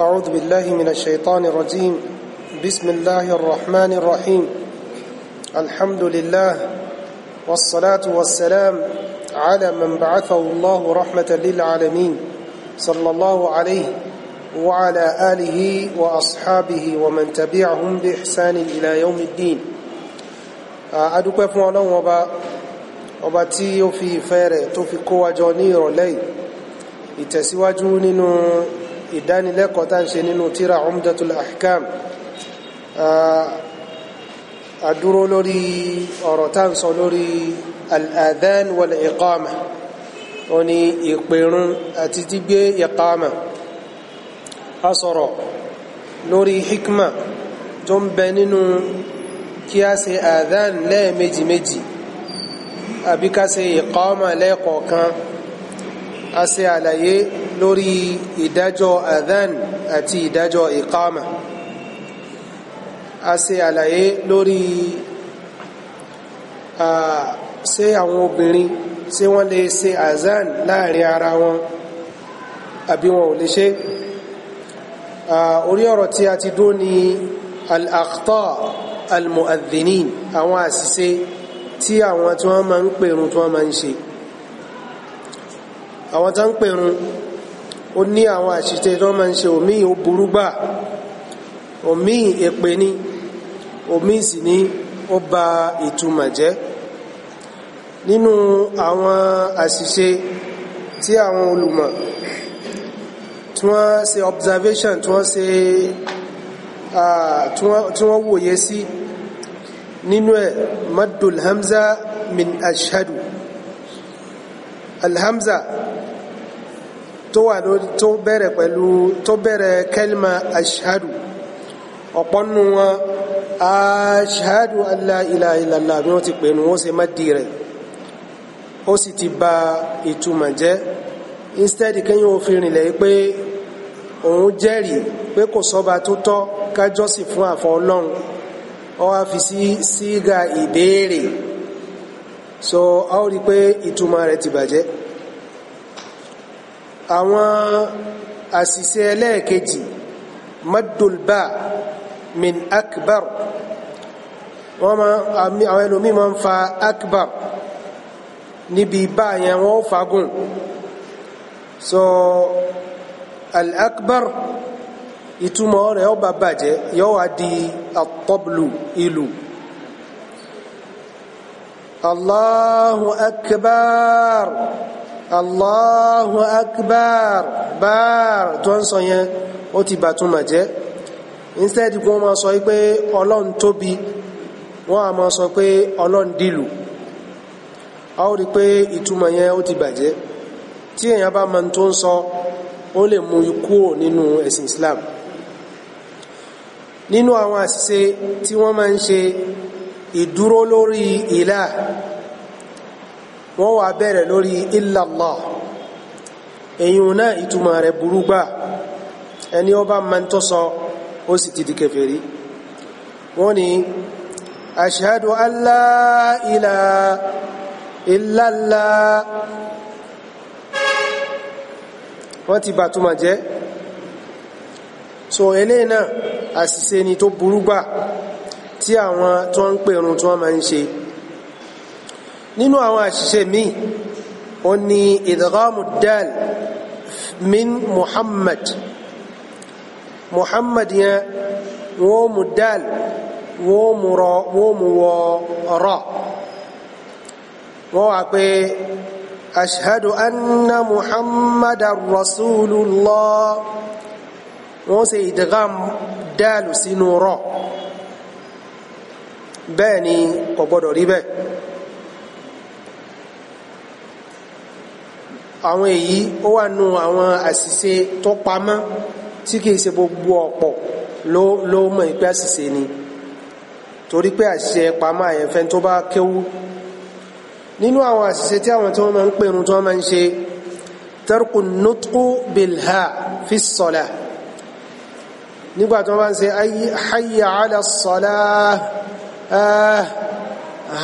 أعوذ بالله من الشيطان الرجيم بسم الله الرحمن الرحيم الحمد لله والصلاة والسلام على من بعثه الله رحمة للعالمين صلى الله عليه وعلى آله وأصحابه ومن تبعهم بإحسان إلى يوم الدين أدوكم الله وبا ọba tí ó fi ìfẹ́ rẹ̀ tó fi kó ìdánilẹ́kọ̀ọ́ tá ń ṣe nínú tíra umdatul ahkam àdúró lórí ọ̀rọ̀ tá ń sọ lórí al-adhan wal-iqama ó ní ìpèrún àti gbígbé iqama a sọ̀rọ̀ lórí hikma tó ń bẹ nínú kí a ṣe adhan lẹ́ẹ̀mejì méjì àbí ká a ṣe àlàyé lórí ìdájọ́ adhan àti ìdájọ́ iqama a ṣe àlàyé lórí ṣé àwọn obìnrin ṣé wọ́n lè ṣe adhan láàrin ara wọn àbí wọn ò lè ṣe orí ọ̀rọ̀ tí a ti dó ni al-akhta al-mu'adhdhinin àwọn àṣìṣe tí àwọn tí wọ́n máa ń pèrún tí wọ́n máa ń ṣe àwọn tí wọ́n ń pèrún ó ní àwọn àṣìṣe tó máa ń ṣe omi ó burú gbà omi èpè ni omi sì ni ó ba ìtumọ̀ jẹ́ nínú àwọn àṣìṣe tí àwọn olùmọ̀ tí wọ́n ṣe observation tí wọ́n ṣe tí wọ́n wòye sí nínú ẹ̀ maddul hamza min ashadu alhamza tó wà lórí tó bẹ̀rẹ̀ pẹ̀lú tó bẹ̀rẹ̀ kẹlma ashadu ọ̀pọ̀nù wọn ashadu alla ilaha illallah bí wọ́n ti pè nù wọ́n ṣe má di rẹ̀ ó sì ti ba ìtumọ̀ jẹ́ instead kẹ́yìn òfin rìnlẹ̀ pé òun jẹ́rìí pé kò sọ́ba tó tọ́ kájọ́sì fún àfọ ọlọ́run ọ wá fi sí síga ìbéèrè so a rí i pé ìtumọ̀ rẹ̀ ti bàjẹ́ àwọn àṣìṣe ẹlẹ́ẹ̀kejì madulba min akbar wọ́n ma àwọn ẹlòmí ma ń fa akbar níbi bá yẹn wọ́n fagùn so al-akbar ìtumọ̀ rẹ̀ ó bá bàjẹ́ yóò wá di àtọ́blù ìlú Allahu akbar. Allahu akbar bar tó ń sọ yẹn ó ti bàtúmọ̀ jẹ́ instead kí wọ́n máa sọ pé ọlọ́run tóbi wọ́n á máa sọ pé ọlọ́run dìlù a ó rí pé ìtumọ̀ yẹn ó ti bàjẹ́ tí èèyàn bá mọ tó ń sọ ó lè mú kúrò nínú ẹ̀sìn Islam nínú àwọn àṣìṣe tí wọ́n máa ń ṣe ìdúró lórí ìlà wọ́n wà bẹ̀rẹ̀ lórí illallah èyàn náà ìtumọ̀ rẹ̀ burú gbà ẹni ó bá máa ń tó sọ ó sì ti di kèfèrí wọ́n ní ashhadu an la ilaha wọ́n ti bàtúmọ̀ jẹ́ so eléyìí náà àṣìṣe ni tó burú tí àwọn tó ń pèrún tí wọ́n máa ń ṣe nínú àwọn àṣìṣe míì ó ní idghamu dal min muhammad muhammad yẹn wọ́n mú dal wọ́n mú rọ wọ́n mú wọ rọ wọ́n wà pé ashhadu anna muhammadar rasulullah wọ́n ṣe idgham dal sínú rọ bẹ́ẹ̀ ni kò gbọ́dọ̀ rí bẹ́ẹ̀ àwọn èyí ó wà nù àwọn àṣìṣe tó pamọ́ tí kìí ṣe gbogbo ọ̀pọ̀ ló ló mọ̀ pé àṣìṣe ni torí pé àṣìṣe pamọ́ àyẹ̀fẹ́ tó bá kéwú nínú àwọn àṣìṣe tí àwọn tí wọ́n máa ń pèrún tí wọ́n máa ń ṣe tarku nutqu bilha fi sọ̀lá nígbà tí wọ́n bá ń ṣe hayya ala sọ̀lá ah,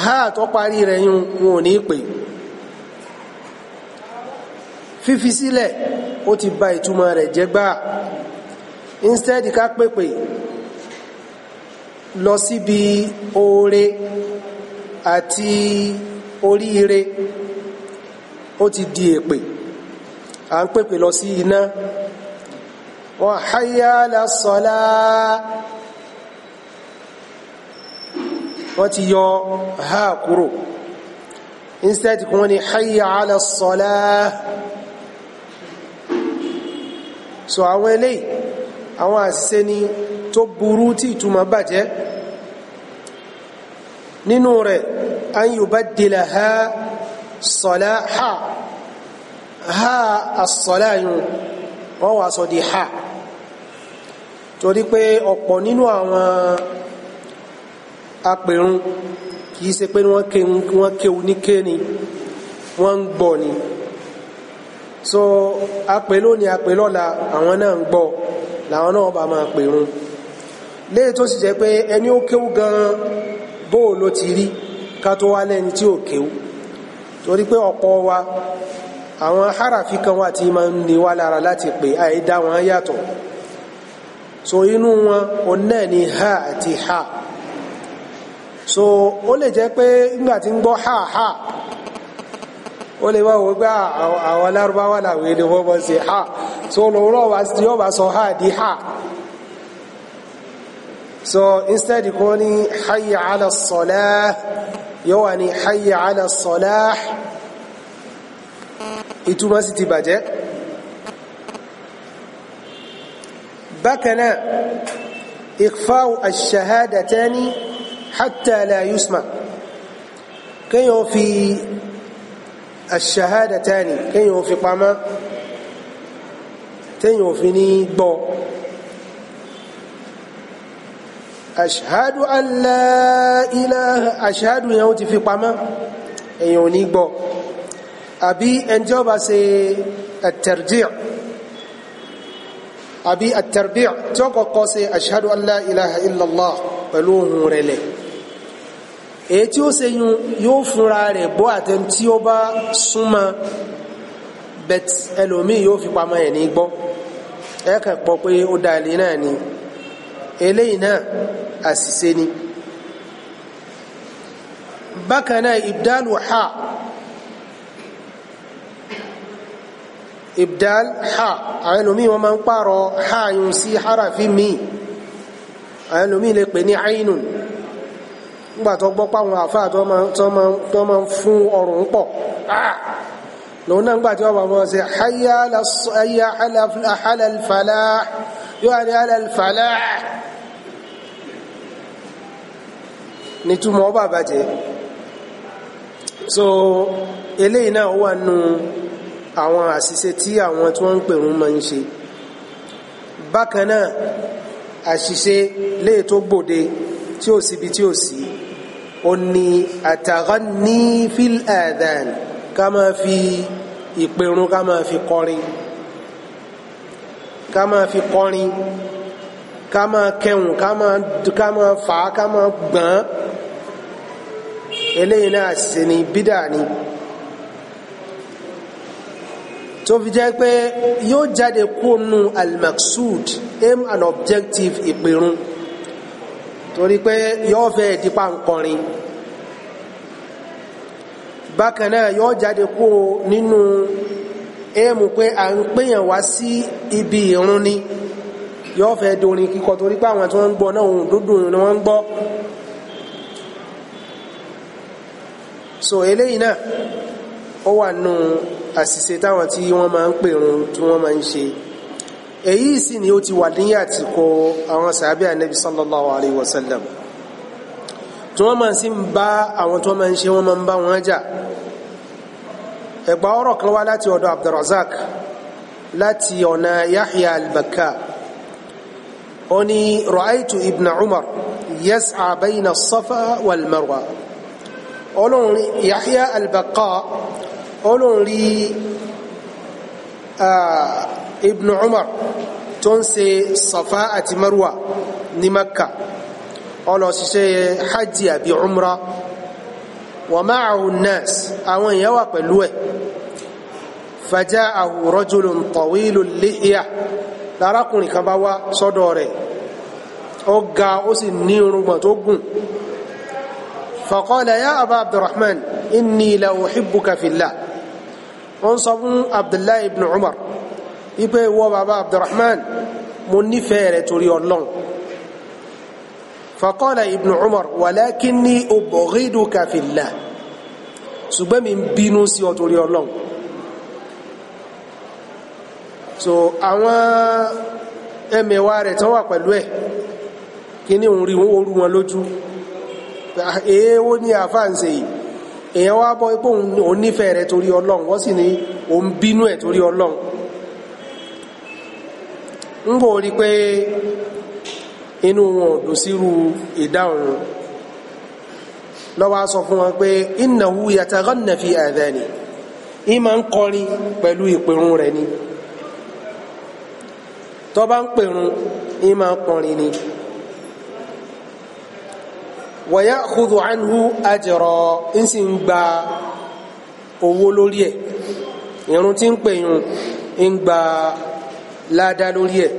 ha tó parí rẹ̀ yún wọn ò ní pè é fífi sílẹ̀ ó ti ba ìtumọ̀ rẹ̀ jẹ́ gbáà instead ká pèpè lọ síbi oore àti oríire ó ti di èpè à ń pèpè lọ sí iná wa hayya la sala wọ́n ti yọ ha kúrò instead kí wọ́n ní hayya sala so àwọn eléyìí àwọn àṣìṣe ni tó burú tí ìtumọ̀ bàjẹ́ nínú rẹ̀ an yubaddila ha sọ̀lá ha ha as-sọ̀lá yun wọ́n wà sọ di ha torí pé ọ̀pọ̀ nínú àwọn apẹ̀rún kìí ṣe pé wọ́n kéwu ní kéni wọ́n ń gbọ́ ni. Ke, so apeloni lónìí apè lọ́la àwọn náà ń gbọ́ làwọn náà bá máa pèrun léè tó sì jẹ́ pé ẹni ó kéwú gan bóò ló ti rí ká tó wá lẹ́ni tí ò kéwú torí pé ọ̀pọ̀ wa àwọn harafi kan wà tí máa ń ni wá lára láti pè àìdá wọn yàtọ̀ so inú wọn ona náà ni ha àti ha so ó lè jẹ́ pé nígbà tí ń gbọ́ ha ha ó lè wá wọ́n gbé ah, àwọn alárúbáwá làwọn èdè wọ́n mọ̀ sí ha so lòwúrọ̀ wá sí yóò bá sọ ha di ha so instead kò ní hayya ala salah yóò wà ní hayya ala salah ìtumọ̀ sì ti bàjẹ́ bákanáà ikfau ash-shahadatani hatta la yusma kéèyàn fi aṣahadatani kéèyàn ò fi pamọ́ téèyàn ò fi ní gbọ́ aṣahadu an la ilaha aṣahadu yẹn ó ti fi pamọ́ èèyàn ò ní gbọ́ àbí ẹni tí ó bá ṣe at-tarjih àbí at tí ó kọ́kọ́ ṣe aṣahadu an la ilaha illallah pẹ̀lú ohun rẹ̀ èyí tí ó ṣe yun yóò fúnra rẹ̀ bọ́ àtẹn tí ó bá súnmọ́ bẹ́t ẹlòmíì yóò fi pamọ́ ẹ̀ ní gbọ́ ẹ kàn pọ̀ pé ó da ilé náà ni eléyìí náà àṣìṣe ni bákan ibdalu ha ibdal ha àwọn ẹlòmíì wọn máa ń pààrọ̀ ha yun sí harafi míì àwọn ẹlòmíì lè pè ní ainun nígbà tó gbọ́ páwọn àfáà tó máa ń fún ọrùn pọ̀ ah! lòun náà nígbà tí wọ́n bá mọ́ sí hayya ala al-falah yóò ní ala al-falah nítumọ̀ ọba àbàjẹ́ so eléyìí náà wà nù àwọn àṣìṣe tí àwọn tí wọ́n ń pèrún máa ń ṣe bákan àṣìṣe léè tó gbòde tí ò síbi tí ò sí ó ní àtàgánní fil adhan ká máa fi ìpẹ̀rún ká máa fi kọrin ká máa fi kọrin ká máa kẹhùn ká máa ká máa fà á ká máa gbọ̀n eléyìí náà sì bídà ni tó fi jẹ́ pé yóò jáde kúnnú al-maqsud aim and objective ìpẹ̀rún. E torí pé yọ́ fẹ́ tipa nkọrin bákan náà yọ́ jáde kó nínú èèmù pé à ń pèyàn wá sí ibi ìrun ni yọ́ fẹ́ dorin kíkọ torí pé àwọn tí wọ́n ń gbọ́ náà òun dúdú ni wọ́n ń gbọ́ so eléyìí náà ó wà nù àṣìṣe táwọn tí wọ́n máa ń pèrun tí wọ́n máa ń ṣe èyí sì ni ó ti wà ní àtìkọ àwọn sàábẹ́ ànábi sallallahu alayhi wa sallam tí wọ́n máa sì ń bá àwọn tí wọ́n máa ń ṣe wọ́n máa ń bá wọn jà ẹ̀gbà ọ̀rọ̀ kan wá láti ọ̀dọ̀ abdulrazak láti ọ̀nà yahya albaka ó ní ra'aitu ibn umar yas'a bayna safa wal marwa yahya albaka olórin ibn umar tó ń ṣe safa àti marwa ní makka ó lọ ṣiṣẹ́ hajj àbí umra wa ma'ahu an-nas àwọn èèyàn wà pẹ̀lú ẹ̀ faja'ahu rajulun tawilul lihya lárákùnrin kan bá wá sọ́dọ̀ rẹ̀ ó ga ó sì ní irùngbọ̀n tó gùn faqala ya aba abdurrahman inni la uhibbuka fillah wọ́n sọ fún abdullahi ibn umar ipe wọ baba abdulrahman mo nífẹ̀ẹ́ rẹ torí ọlọ́run faqala ibnu umar walakinni ubghiduka fillah ṣùgbọ́n mi bínú sí ọ torí ọlọ́run so àwọn ẹmẹ̀wà rẹ̀ tán wà pẹ̀lú ẹ̀ kí ní òun rí orú wọn lójú èèwó ní àfáàǹsè yìí èèyàn wá bọ́ ipò òun nífẹ̀ẹ́ rẹ̀ torí ọlọ́run wọ́n sì ní òun bínú ẹ̀ torí ọlọ́run ń kò rí pé inú wọn ò dùn sírú ìdáhùn lọ́wọ́ sọ fún wọn pé innahu yataghanna fi adhani ìmọ̀ ń kọrin pẹ̀lú ìpèrún rẹ̀ ni tó bá ń pèrún ìmọ̀ ń kọrin ni wa ya'khudhu anhu ajra ń sì ń gba owó lórí ẹ̀ ìrun tí ń pèyún ń gba láàdá lórí ẹ̀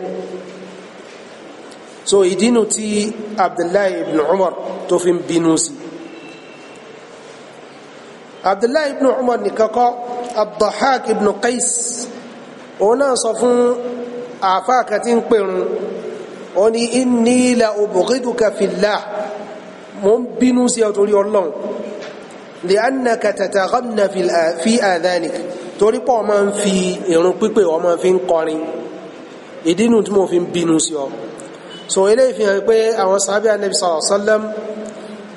so ìdínú tí abdullahi ibn umar tó fi ń bínú sí abdullahi ibn umar nìkan kọ́ abdullahi ibn qais òun náà sọ fún àáfàá kan tí ń pèrún ó ní inni la ubghiduka fillah mo ń bínú sí ọ torí ọlọ́run لأنك تتغنى في آذانك torí pọ̀ máa ń fi ìrun pípè ọ máa fi ń kọrin ìdí nu tí mo fi ń bínú sí ọ so eléyìí fi hàn pé àwọn sábẹ́ anabi sallallahu alaihi wasallam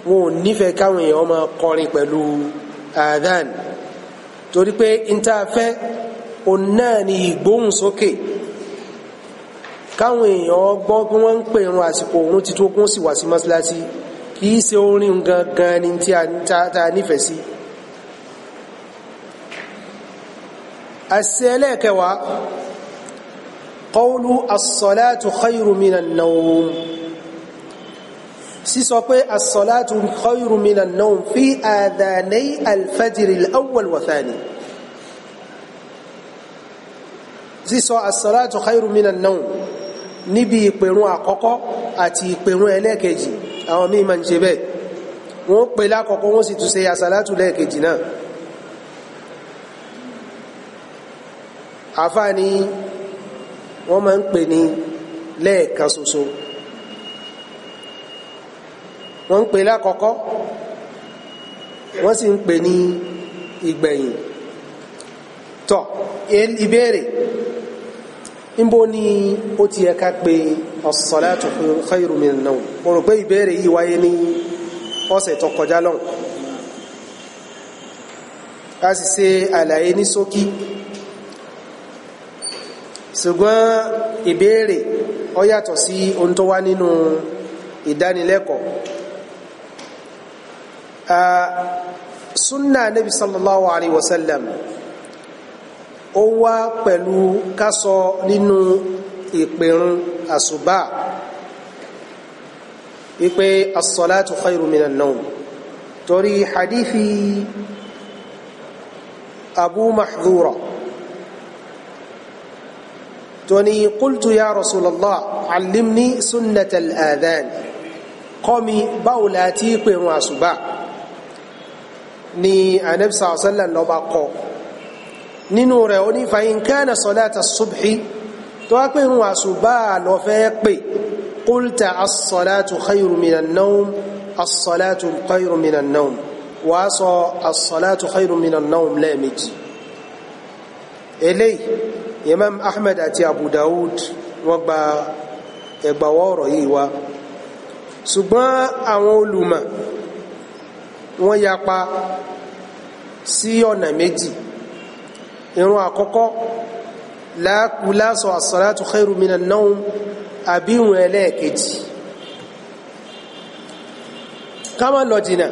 wọn ò nífẹ̀ẹ́ káwọn èèyàn máa kọrin pẹ̀lú adhan torí pé ntaafẹ́ òun náà ni ìgbóhùn sókè káwọn èèyàn gbọ́ pé wọ́n ń pè irun àsìkò òun ti tó kún sí wá sí mọ́sálásí kì í ṣe orin gangan ni tí a nífẹ̀ẹ́ sí. àṣẹ ẹlẹ́ẹ̀kẹwàá kọ́ọ̀lù asọ́látù khayru minan nawm sísọ pé asọ́látù khayru minan nawm fi àdánẹ́ alfajiri awwal wa thani sísọ asọ́látù khayru minan nawm níbi ìpèrún àkọ́kọ́ àti ìpèrún ẹlẹ́ẹ̀kejì àwọn míì máa ń ṣe bẹ́ẹ̀ wọ́n pè lákọ̀ọ́kọ́ wọ́n sì tún ṣe àsàlátù lẹ́ẹ̀kejì náà àfáà ni wọ́n máa ń pè ní lẹ́ẹ̀kan ṣoṣo wọ́n ń pè lákọ̀ọ́kọ́ wọ́n sì ń pè ní ìgbẹ̀yìn tọ́ ìbéèrè níbo ni ó ti yẹ ká pé as-salatu khairu min mo rò pé ìbéèrè yìí wáyé ní ọ̀sẹ̀ tó kọjá lọ́hùn a sì ṣe àlàyé ní ṣókí. So ṣùgbọ́n ìbéèrè ó yàtọ̀ sí ohun tó wá nínú ìdánilẹ́kọ̀ọ́ sunna nabi sallallahu alayhi wa sallam ó wá pẹ̀lú kásọ nínú ìpèrún àṣùbà wípé as-salatu khairu minan torí hadithi abu mahdura توني قلت يا رسول الله علمني سنة الآذان قومي بولاتي قيروا عصبا ني النبي صلى الله عليه وسلم لو باقو نينو رأوني فإن كان صلاة الصبح تواقيروا عصبا لو فيقبي قلت الصلاة خير من النوم الصلاة خير من النوم وصى الصلاة خير من النوم لا مجي إليه imam ahmed àti abu dawud wọ́n gba ẹgbàwọ́ ọ̀rọ̀ yìí wá ṣùgbọ́n àwọn olùmọ̀ wọ́n yapa sí ọ̀nà méjì ìrun àkọ́kọ́ láàkúláṣọ as-salatu khairu minan nawm àbí ìrun ẹlẹ́ẹ̀kejì ká lọ jìnà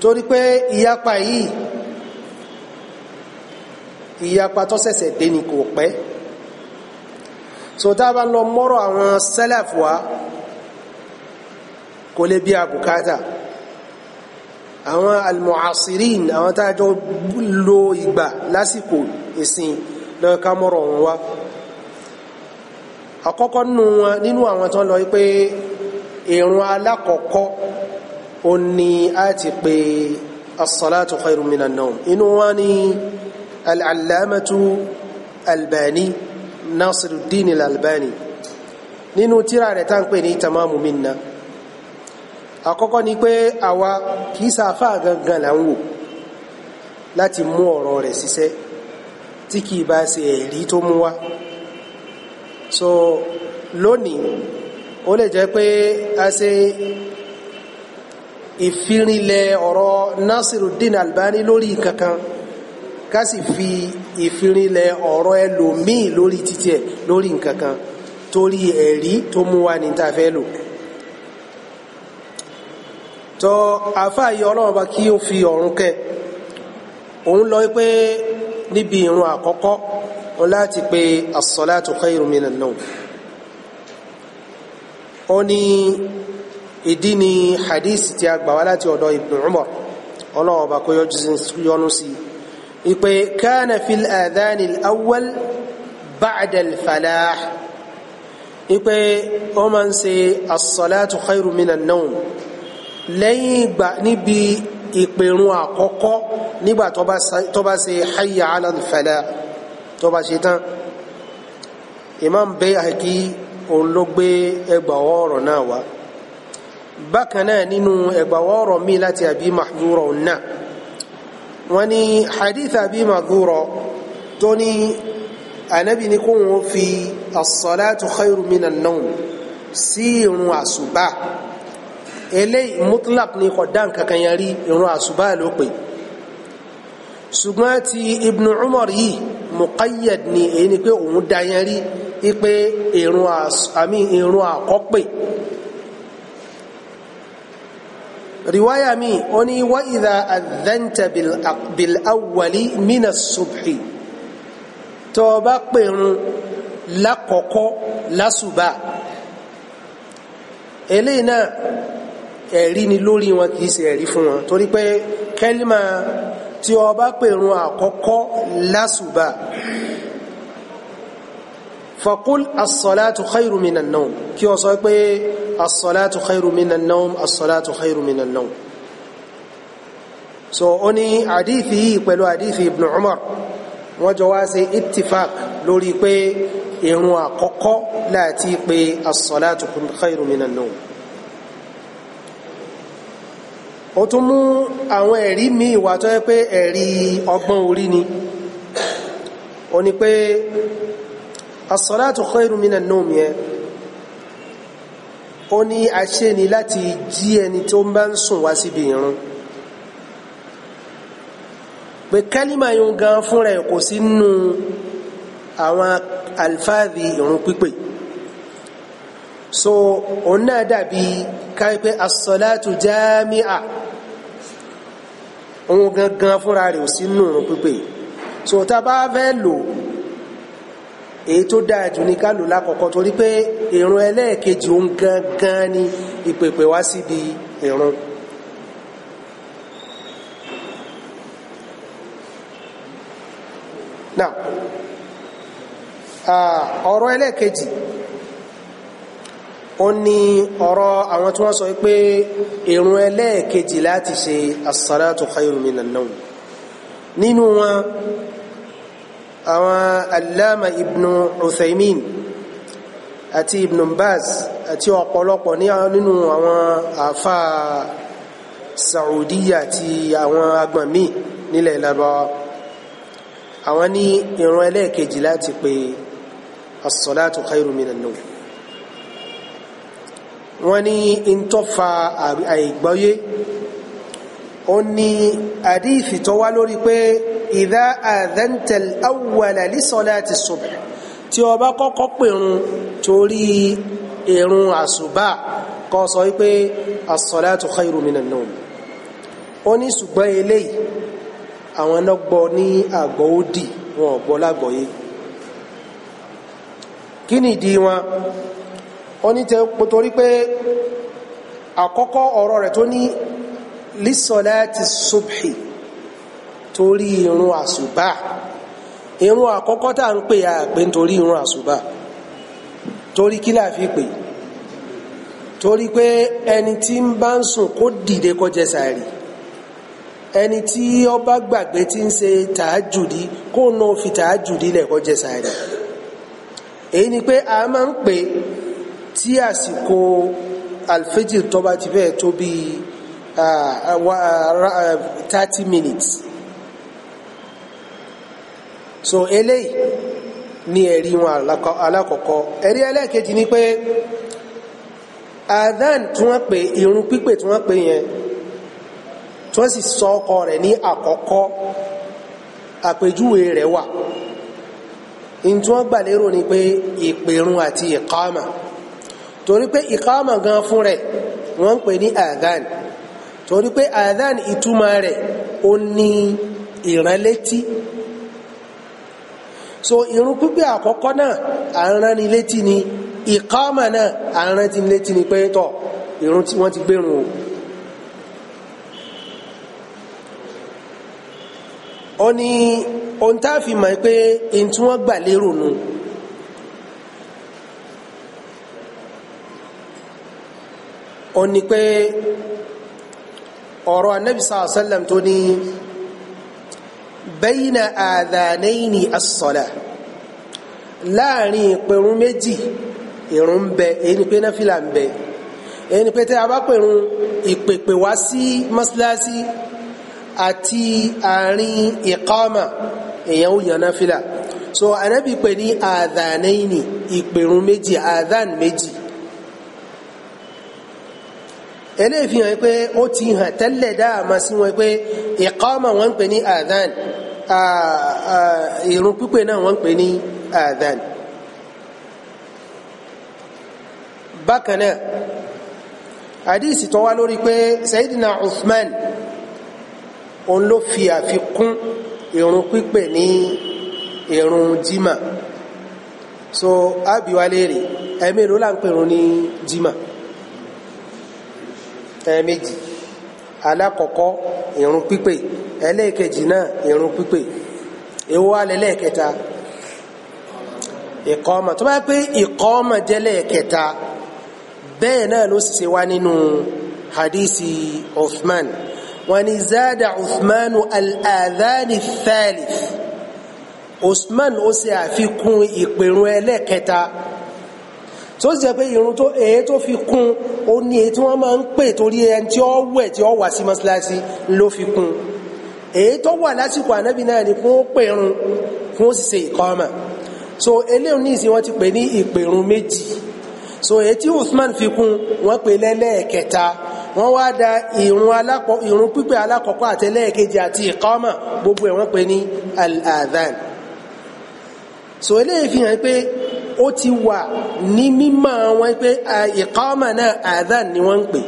torí pé ìyapa yìí ìyapa tó ṣẹ̀ṣẹ̀ dé ni kò pẹ́ so tá a bá lọ mọ́rọ̀ àwọn sẹ́lẹ̀f wa kò lè bí abùkátà àwọn almuasirin àwọn tá a jọ lo ìgbà lásìkò ìsìn lọ́wọ́ ká mọ́rọ̀ wọn wá àkọ́kọ́ nínú wọn nínú àwọn tán lọ pé ìrun alákọ̀ọ́kọ́ ó ní a ti pé as khairu minan nawm inú wọn العلامة albani nasiruddin الدين nínú tírà rẹ̀ tá ń pè ní tamamu minna àkọ́kọ́ ni pé àwa kì í sáfà gangan là ń wò láti mú ọ̀rọ̀ rẹ̀ ṣiṣẹ́ tí kì í bá ṣe ẹ̀rí tó so lónìí ó lè jẹ́ pé a ṣe ìfirinlẹ̀ ọ̀rọ̀ nasiruddin albani lórí kankan ká sì fi ìfirinlẹ̀ ọ̀rọ̀ ẹlòmíì lórí títí ẹ̀ lórí nǹkan kan torí ẹ̀rí tó mú wá ní tá a fẹ́ lò tọ àfáàyè ọlọ́run bá kí ó fi ọ̀run kẹ òun lọ pé níbi ìrun àkọ́kọ́ láti pé as-salatu khayrun ó ní ìdí ni hadith tí a gbà wá láti ọ̀dọ̀ Ibn ọlọ́run bá kó yọjú sí yọnu sí i ipe kana fil adhani al-awwal ba'da al-falah ipe ó máa ń ṣe as-salatu khairu minan nawm lẹ́yìn ìgbà níbi ìpèrún àkọ́kọ́ nígbà tó bá ṣe hayya ala al-falah tó bá ṣe tán imam Bayhaqi òun ló gbé ẹgbàwọ́ ọ̀rọ̀ náà wá bákan nínú ẹgbàwọ́ ọ̀rọ̀ míì láti àbí mahdura náà wọ́n ní hadith Abi Maghura tó ní ànábì ní kó wọ́n fi as-salatu khairu minan nawm sí irun àsùbá eléyìí mutlaq ní kọ̀dá nǹkankan yẹn rí irun àsùbá ló pè ṣùgbọ́n ti Ibn Umar yìí muqayyad ni èyí ni pé òun dá yẹn irun àkọ́pè riwaya mi ó ní wa idha adhanta bil awwali mina subhi tó o bá pèrún lákọ̀ọ́kọ́ lásùbà eléyìí náà ẹ̀rí ni lórí wọn kìí ṣe ẹ̀rí fún wọn torí pé kẹ́límà tí o bá pèrún àkọ́kọ́ lásùbà faqul as-salatu khayru minan nawm kí o sọ pé as-salatu khayru minan nawm as-salatu minan nawm so ó ní àdífì yìí pẹ̀lú àdífì ibn umar wọ́n jọ wá sí ittifaq lórí pé ìrun àkọ́kọ́ láti pé as-salatu khayru minan nawm ó tún mú àwọn ẹ̀rí míì wá tó yẹ pé ẹ̀rí ọgbọ́n orí ni ó ní pé as-salatu khairun minan nawm yẹn ó ní aṣẹ ni láti jí ẹni tó bá ń sùn wá síbi ìrun pé kálímà yóò gan fúnra ẹ̀ kò sí nínú àwọn alfáàdì ìrun pípé so òun náà dàbí káyipẹ́ as-salatu jami'a òun gangan fúnra rẹ̀ ò sí nínú ìrun pípé so tá a bá fẹ́ lò èyí tó dáa jù ní ká lò lákọ̀ọ́kọ́ torí pé ìrun ẹlẹ́ẹ̀kejì òun gangan ni ìpèpè wá síbi ìrun. now ah, ọ̀rọ̀ ẹlẹ́ẹ̀kejì ó ní ọ̀rọ̀ àwọn tí wọ́n sọ pé ìrun ẹlẹ́ẹ̀kejì láti ṣe as-salatu khayrun minan nawm nínú wọn àwọn alama ibn uthaymin àti ibn baz àti ọ̀pọ̀lọpọ̀ nínú àwọn àfa saudiya àti àwọn agbọ̀nmí nílẹ̀ Lárúbáwá àwọn ní ìran ẹlẹ́ẹ̀kejì láti pé as-salatu khairu minan nawm wọ́n àìgbọ́yé ó ní àdífì tó wá lórí pé ìdá àdẹ́ntẹ̀l awwala li salati subh tí ó bá kọ́kọ́ pèrún torí ìrun àsùbá kọ́ sọ wípé as-salatu khairu minan nawm ó ní ṣùgbọ́n eléyìí àwọn ọlọ́gbọ́ ní àgbọ́ ó dì wọn ọ̀gbọ́ lágbọ́yé kí ni ìdí wọn ó ní torí pé àkọ́kọ́ ọ̀rọ̀ rẹ̀ tó ní lísọ̀láti subhi torí irun àsùbá irun àkọ́kọ́ tá à ń pè á pé nítorí irun àsùbá torí kí la fi pè torí pé ẹni tí ń bá ń sùn kó dìde kó jẹ sàárì ẹni tí ó bá gbàgbé tí ń ṣe tàájùdí kó ná fi tàájùdí lẹ̀ kó èyí ni pé a máa ń pè tí àsìkò alfajir tó ti fẹ́ tó bíi Uh, uh, uh, thirty minutes so eléyìí ni ẹ̀rí wọn alákọ̀ọ́kọ́ ẹ̀rí ẹlẹ́ẹ̀kejì ni pé adan tí wọ́n pè irun pípè tí wọ́n pè yẹn tí wọ́n sì sọ ọkọ rẹ̀ ní àkọ́kọ́ àpèjúwe rẹ̀ wà ntí wọ́n gbà lérò ni pé ìpèrun àti ìkáàmà torí pé ìkáàmà gan fún rẹ̀ wọ́n pè ní adhan torí pé adhan ìtumọ̀ rẹ̀ ó ní ìránlétí so irun pípé àkọ́kọ́ náà à ń rán ni létí ni ìkámà náà à ń rán ni létí ni pé tọ̀ irun tí wọ́n ti gbérun o ó ní ohun tá a fi mọ̀ pé ohun tí wọ́n gbà lérò nù ó ní pé ọ̀rọ̀ anabi sàásàlám tó ní bayna adhanayni as-salah láàrin ìpẹ̀rún méjì ìrun ń bẹ èyí ni pé náfìlà ń bẹ èyí ni pé tẹ́ a bá pẹ̀rún ìpèpè wá sí mọ́síláṣí àti àárín ìkámà èèyàn ó yan náfìlà so anabi pè ní adhanayni ìpẹ̀rún méjì adhan méjì eléyìí fi hàn pé ó ti hàn tẹ́lẹ̀ dáàmà sí wọn pé ìkọ́mà wọn ń pè ní adhan ìrun pípé náà wọn ń pè ní adhan. bákan náà àdìsí tó wá lórí pé Sayyidina Uthman òun ló fi àfikún ìrun pípé ní ìrun jimá so ábíwálé rè ẹ̀mí ló là ń pèrún ní jimá ẹ méjì alákọ̀ọ́kọ́ ìrun pípè ẹlẹ́ẹ̀kejì náà ìrun pípè èwo wá lẹ́lẹ́ẹ̀kẹta ìkọ́ọ̀mà tó bá pé ìkọ́ọ̀mà jẹ́lẹ́ẹ̀kẹta bẹ́ẹ̀ náà ló sì ṣe wá nínú hadisi Uthman wọ́n ní zada Uthman al-adhani thalith Uthman ó ṣe àfikún ìpèrún ẹlẹ́ẹ̀kẹta tó sì jẹ́ pé irun tó èyí tó fi kún ó ní èyí tí wọ́n máa ń pè torí ẹni tí ó wẹ̀ tí ó wà sí mọ́ṣáláṣí ló fi kún èyí tó wà lásìkò ànábì náà ni fún ó pèrun fún ó sì ṣe so eléyìí ní ìsìn wọ́n ti pè ní ìpèrun méjì so èyí tí Uthman fi kún wọ́n pè lẹ́lẹ́ẹ̀kẹta wọ́n wá da ìrun alákọ̀ ìrun pípẹ́ alákọ̀ọ́kọ́ àtẹlẹ́ẹ̀kejì àti ìkọ́mà gbogbo ẹ̀ wọ́n pè ní al-adhan so eléyìí fi hàn pé ó ti wà ní mímọ̀ wọn pé ìkọ́mà náà àdán ni wọ́n ń pè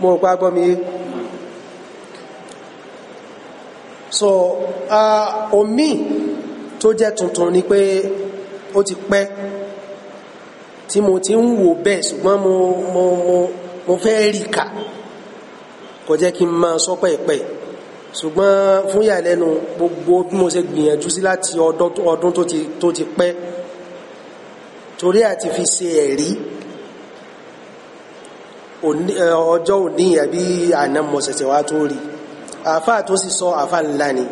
mo rò pa gbọ́mi so omi tó jẹ́ tuntun ni pé ó ti pẹ́ tí mo ti ń wò bẹ́ẹ̀ ṣùgbọ́n mo mo mo mo rí kà kò jẹ́ kí n máa sọ pẹ́ẹ́pẹ́ẹ́ ṣùgbọ́n fún ìyàlẹ́nu gbogbo bí mo ṣe gbìyànjú sí láti ọdún tó ti pẹ́ torí àti fi ṣe ẹ̀rí ọjọ́ òní àbí àná mo ṣẹ̀ṣẹ̀ wá tó rí àfá tó sì sọ àfá ńlá ni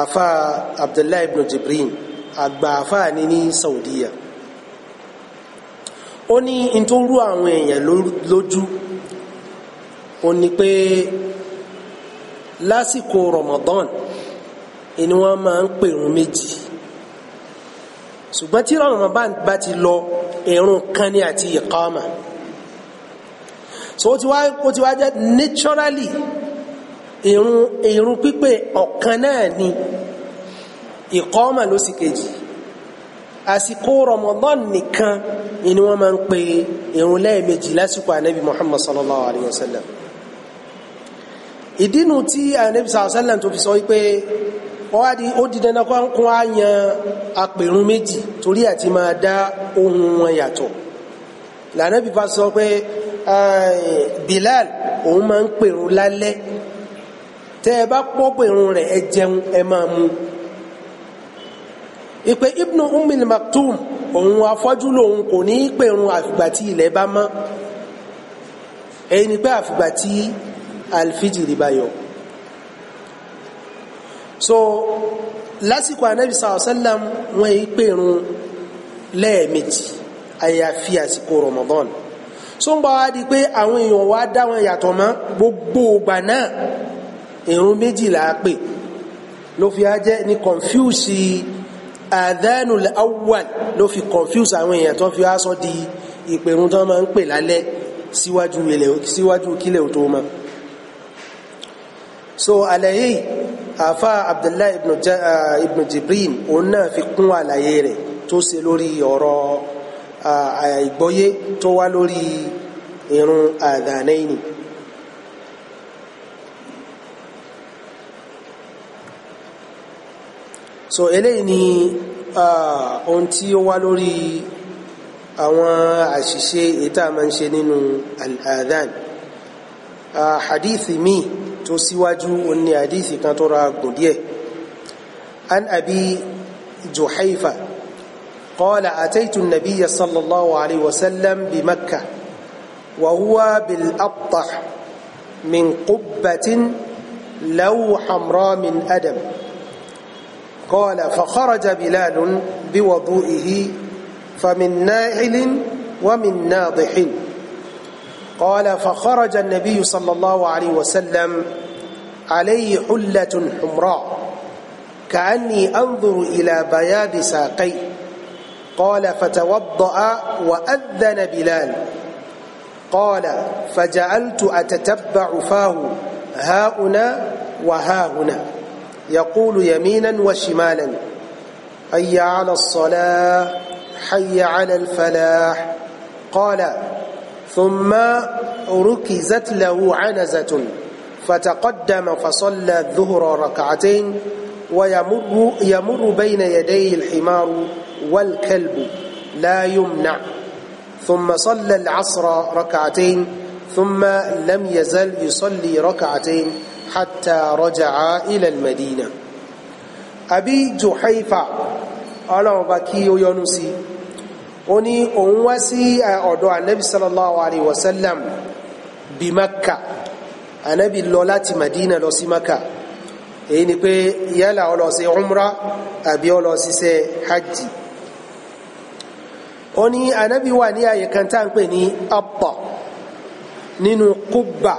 àfá Abdullahi ibn Jibrin àgbà àfá ni ní Saudiya ó ní n tó rú àwọn èèyàn lójú ó ní pé lásìkò Ramadan ni wọ́n máa ń pèrún méjì ṣùgbọ́n tí Ramadan bá ti lọ ìrun kan àti ìkámà so ó ti wá ó naturally ìrun ìrun pípé ọ̀kan náà ni ìkámà ló sì kejì àsìkò Ramadan nìkan ni wọ́n máa ń pe ìrun lẹ́ẹ̀mejì lásìkò ànábì Muhammad sallallahu alayhi wa sallam ìdínú tí Ànábì sàásẹ́lẹ̀m tó fi sọ wípé ọwádí ó di dandan kún á yan apèrún méjì torí àti máa dá ohun wọn yàtọ̀ lànàbí sọ pé Bilal òun máa ń pèrún lálẹ́ tẹ́ ẹ bá pọ́ pèrún rẹ̀ ẹ jẹun ẹ máa mu ìpè Ibnu Ummil Maktum òun afọ́jú lòun kò ní pèrún àfìgbà tí ilẹ̀ bá mọ́ èyí ni pé àfìgbà tí ilẹ̀ alfijiri bá so lásìkò anabi sàlọ́sálàm wọ́n yí pèrún lẹ́ẹ̀mejì àyàfi àsìkò ramadan so ń bá wá di pé àwọn èèyàn wá dá wọn yàtọ̀ mọ́ gbogbo ìgbà náà ìrun méjìlá pè ló fi á jẹ́ ní confuse adhanul awwal ló fi confuse àwọn èèyàn tó fi á sọ di ìpèrún tó máa ń pè lálẹ́ síwájú kílẹ̀ tó máa so àlàyé àfa abdullahi ibn jibrin òun náà fi kún àlàyé rẹ̀ tó ṣe lórí ọ̀rọ̀ àìgbọ́yé tó wá lórí irun àdánẹ́yìn. so eléyìí ni ohun tí ó wá lórí àwọn àṣìṣe èyí tá nínú al-adhan hadithi míì tó síwájú ní àdíìsì kan tó ra gùn díẹ̀ an abi juhaifa qala ataitu nabiyya sallallahu alaihi wasallam bi makkah wa huwa bil abtah min qubbatin law hamra min adam قال فخرج بلال بوضوئه فمن ناعل ومن ناضح قال فخرج النبي صلى الله عليه وسلم عليه حلة حمراء كأني أنظر إلى بياض ساقي قال فتوضأ وأذن بلال قال فجعلت أتتبع فاه هاؤنا وهاهنا يقول يمينا وشمالا حي على الصلاة حي على الفلاح قال ثم ركزت له عنزة فتقدم فصلى الظهر ركعتين ويمر يمر بين يديه الحمار والكلب لا يمنع ثم صلى العصر ركعتين ثم لم يزل يصلي ركعتين حتى رجع إلى المدينة أبي جحيفة ألا بكي ينسي ó ní òun wá sí ọ̀dọ̀ anabi sallallahu alayhi wa sallam bí maka anabi lọ láti madina lọ sí maka èyí ni pé yálà ó lọ sí umra àbí ó lọ ṣiṣẹ́ hajj ó ní anabi wà ní àyè kan tá ń pè ní abba nínú kúbà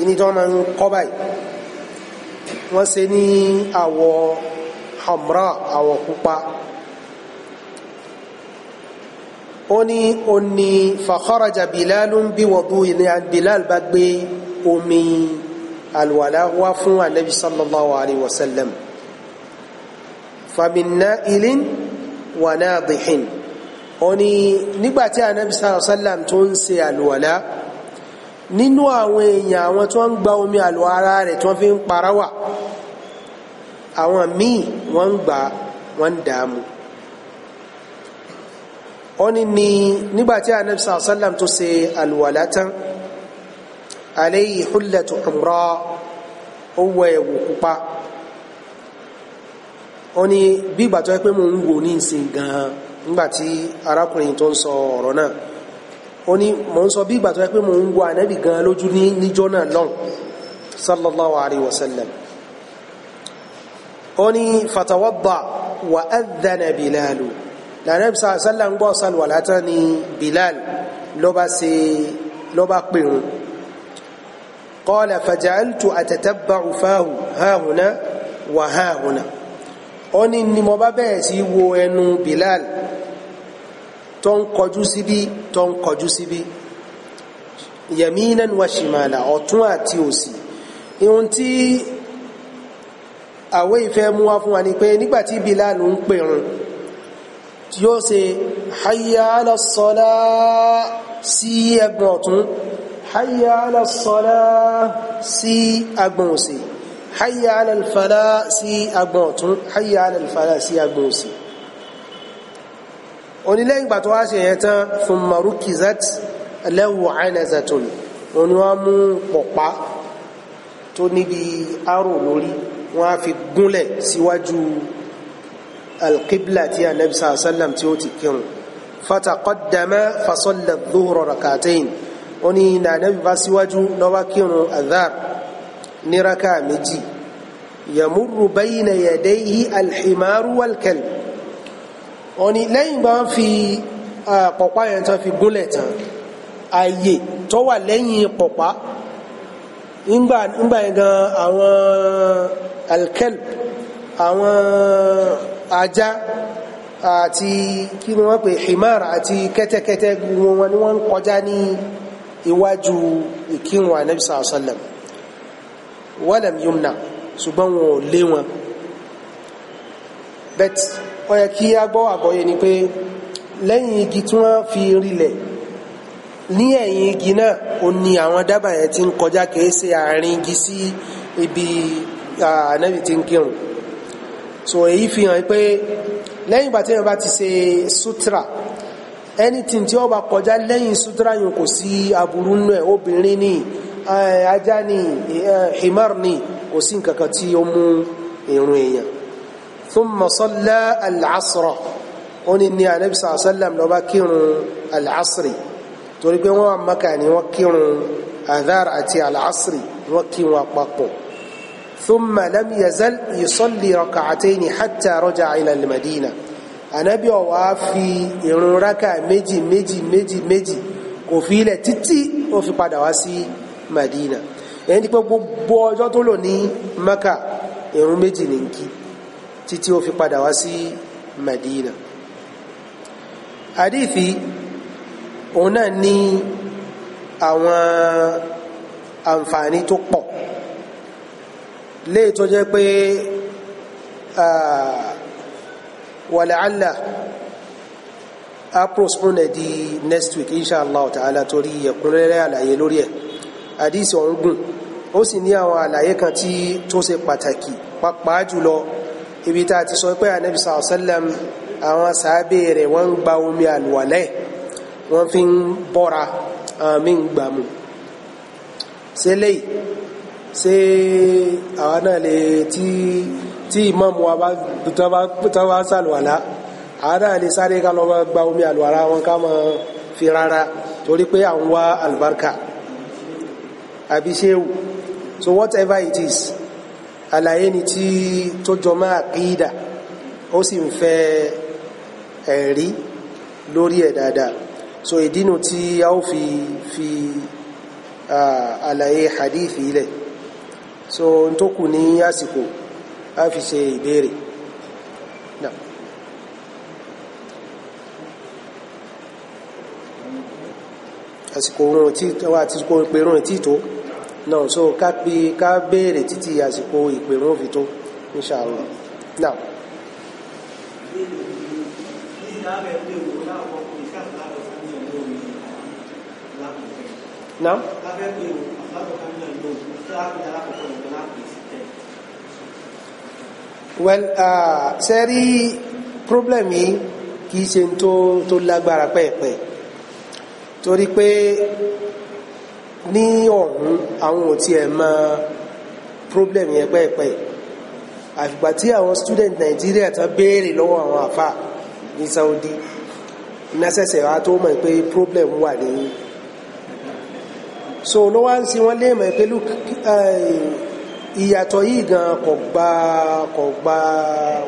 ìní tó máa ń kọ́ báyìí wọ́n ṣe ní àwọ̀ hamra àwọ̀ pupa. ó ní ó ní fakharaja bilalun bí wọ̀dú bilal bá gbé omi alwàlá wá fún anabi sallallahu alayhi wa sallam faminna ilin wà náà dìhìn ó ní nígbàtí anabi sallallahu alayhi wa sallam tó ń ṣe alwàlá nínú àwọn èèyàn àwọn tó ń gba omi alwàlá rẹ̀ tó fi ń parawa àwọn míì wọ́n ń gbà wọ́n ọ́ni ni nígbàtí anabi sallam tó ṣe alwala tán alayhi hullatu umra ó wọ ẹ̀wù pupa ọ́ni bí ìgbà tó yẹ pé mo ń wò ní ìsìn gan-an nígbàtí arákùnrin tó ń sọ ọ̀rọ̀ náà ó ní mo ń sọ bí ìgbà tó yẹ pé mo ń wo ànábì gan-an lójú ní níjọ́ náà sallallahu alayhi wa sallam ó fatawadda wa adhana bilalu lànàbí sàlá ń gbọ́ sàlùwàlá tán ni Bilal ló bá ṣe ló bá pèrún qala faja'altu atatabba'u fáhù hahuna wà hahuna ó ní ni mo bá bẹ̀rẹ̀ sí wo ẹnu Bilal tó ń kọjú síbí tó ń kọjú síbí yaminan wa shimala ọ̀tún àti òsì ihun tí àwẹ́ ìfẹ́ mú wá fún wa ni pé nígbàtí Bilal ń pèrún yóò ṣe hayya ala sọ́lá sí ẹgbọ̀n ọ̀tún hayya ala sọ́lá sí agbọ̀n òsì hayya ala alfàlá sí agbọ̀n ọ̀tún hayya ala alfàlá sí agbọ̀n òsì onílẹ́yìn gbà tó wá ṣe yẹn tán fún marukizat lẹ́wọ̀ ainazatun wọn wọ́n mú pọ̀pá tó níbi arò lórí wọ́n á fi gúnlẹ̀ síwájú si القبلة يا النبي صلى الله عليه وسلم تيوتي كيرو فتقدم فصلى الظهر ركعتين أني نبي بسواجو نواكيرو الذار نركا مجي يمر بين يديه الحمار والكلب أني لين بان في pọ̀pá yẹn tán في gúnlẹ̀ tán ààyè tó wà lẹ́yìn pọ̀pá ńgbà yẹn gan àwọn alkelp àwọn ajá àti kí ni wọ́n pè himar àti kẹ́tẹ́kẹ́tẹ́ gbogbo wọn ni wọ́n ń kọjá ní iwájú ìkírun ànábì sàlọ́sàlẹ̀m walam yumna ṣùgbọ́n wọn ò lé wọn bet ó yẹ kí a gbọ́ ni pé lẹ́yìn igi tí wọ́n fi rilẹ̀ ní ẹ̀yìn igi náà ó ní àwọn dábàá yẹn ti ń kọjá kìí ṣe àárín igi sí ibi ànábì ti ń kírun so èyí fi hàn pé lẹ́yìn ìgbà tí èèyàn bá ti ṣe sutra anything tí ó bá kọjá lẹ́yìn sutra yìí kò sí aburú nù ẹ̀ obìnrin ni eh, ajá ni eh, himar ni kò sí nǹkan kan tí ó mú irun èèyàn thumma salla al ó ní ní anabi sallam ló kírun al torí pé wọ́n wà Mákà ni wọ́n kírun adhar àti al wọ́n kírun àpapọ̀. ثم لم يزل يصلي ركعتين حتى رجع إلى المدينة anabi ọwà fi ìrun rákà méjì méjì méjì méjì kò fi ilẹ̀ títí ó fi padà wá sí Madina èyí ni pé gbogbo ọjọ́ tó lò ní Maka ìrun méjì ní kí títí ó fi padà wá sí Madina àdífi òun náà ní àwọn àǹfààní tó pọ̀ léè tó jẹ́ pé wàlàálà aprosprone di next week inshallah ta'ala torí ẹ̀kúnrẹ́rẹ́ àlàyé lórí ẹ̀ àdísì ọ̀rún gùn ó sì ní àwọn àlàyé kan tí tó ṣe pàtàkì pàápàá jùlọ ibi tá a ti sọ pé anabi sallam àwọn sàábé rẹ̀ wọ́n ń gba omi àlùwàlẹ̀ wọ́n fi ń bọ́ra àmì ń gbàmù ṣé àwa náà lè tí tí ìmáàmù wa bá tán sàlùwàlá àwa náà lè sáré ká lọ gba omi àlùwàlá wọn ká mọ fi rárá torí pé à wá àlùbáríkà àbí ṣéwù so whatever it is àlàyé ni tí tó jọmọ́ àkídà ó sì ń fẹ́ ẹ̀rí lórí ẹ̀ dáadáa so ìdínú tí a ó fi fi àlàyé hadith ilẹ̀ so n tó kù ní àsìkò a fi ṣe ìbéèrè náà. àsìkò oorun tí wà àsìkò ìpèrún tí tó náà so ká bí ká béèrè títí àsìkò ìpèrún fi tó inshallah náà. náà well uh, ṣe rí problem yìí kì í ṣe tó tó lágbára pẹ́ẹ̀pẹ́ torí pé ní ọ̀hún àwọn ò tiẹ̀ mọ problem yẹn pẹ́ẹ̀pẹ́ àfìgbà tí àwọn student Nigeria tán béèrè lọ́wọ́ àwọn àfà ní Saudi náà ṣẹ̀ṣẹ̀ wá tó mọ̀ pé problem wà ní so ló wá ń sí wọn léèmọ̀ pẹ̀lú eh, ìyàtọ̀ yìí gan kò gba kò gba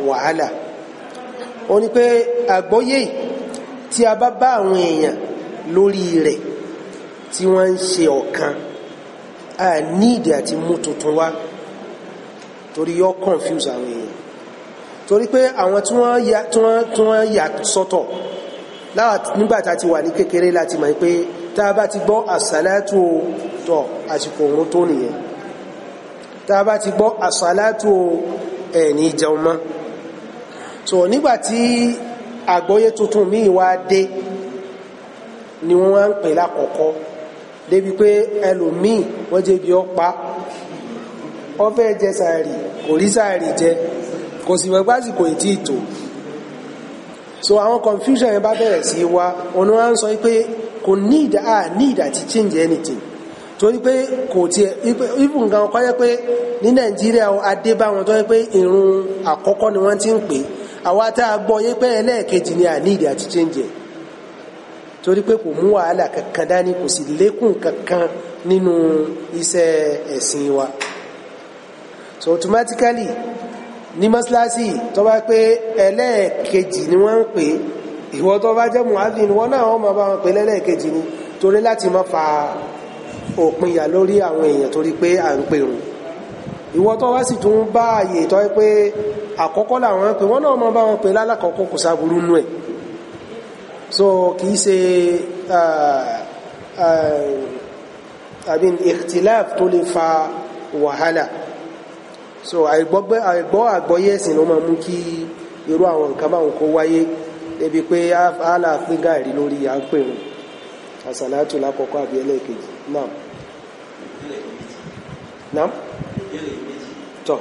wàhálà ó ní pé àgbọ́yé tí a bá bá àwọn èèyàn lórí rẹ̀ tí wọ́n ń ṣe ọ̀kan a ní àti mú tuntun wá torí yọ confuse àwọn èèyàn torí pé àwọn tí wọ́n ya tí wọ́n yà sọ́tọ̀ nígbà tá a ti wà ní kékeré láti mọ̀ pé tá a bá ti gbọ́ àsálátù o tọ̀ àsìkò òun tó nìyẹn tá bá ti gbọ́ àsálátù o ẹ̀ mọ́ so nígbà tí àgbọ́yé tuntun míì wá dé ni wọ́n wá ń pè lákọ̀ọ́kọ́ débi pé ẹlòmíì wọ́n jẹ́ bí ọpa ó jẹ sàárì kò rí sàárì jẹ kò sì mọ̀ gbásìkò ètí ìtò so àwọn confusion yẹn bá bẹ̀rẹ̀ sí wá òun wá ń sọ pé kò need a need àti change anything torí pé kò tiẹ̀ even nǹkan kọ́ yẹ pé ní nàìjíríà adé bá wọn tó yẹ pé irun àkọ́kọ́ ni wọn ti ń pè àwa tá a gbọ́ yẹ pé ẹlẹ́ẹ̀kejì ni a need àti change ẹ̀ torí pé kò mú wàhálà kankan dání kò sì lékún kankan nínú iṣẹ́ ẹ̀sìn wa so automatically ní mọ́sálásì tó bá pé ẹlẹ́ẹ̀kejì ni wọ́n ń pè é ìwọ tó bá jẹ́ muhammed wọn náà wọ́n máa bá wọn pè lẹ́lẹ́kejì ni torí láti má fa òpin yà lórí àwọn èèyàn torí pé à ń pè rùn ìwọ tó wá sì tún bá àyè tọ́ pé àkọ́kọ́ làwọn pè wọ́n náà máa bá wọn pè lálàkọ́kọ́ kò sáburú nú ẹ̀ so kì í ṣe àbí ìtìláàf tó lè fa wàhálà so àìgbọ́ àgbọ́yẹ̀sìn ló máa mú kí irú àwọn nǹkan báwọn kó wáyé ebi pé àlà pín gáàrí lórí à ń pè rùn àsàlátù lákọ̀ọ́kọ́ àbí ẹlẹ́ẹ̀kejì náà náà tọ́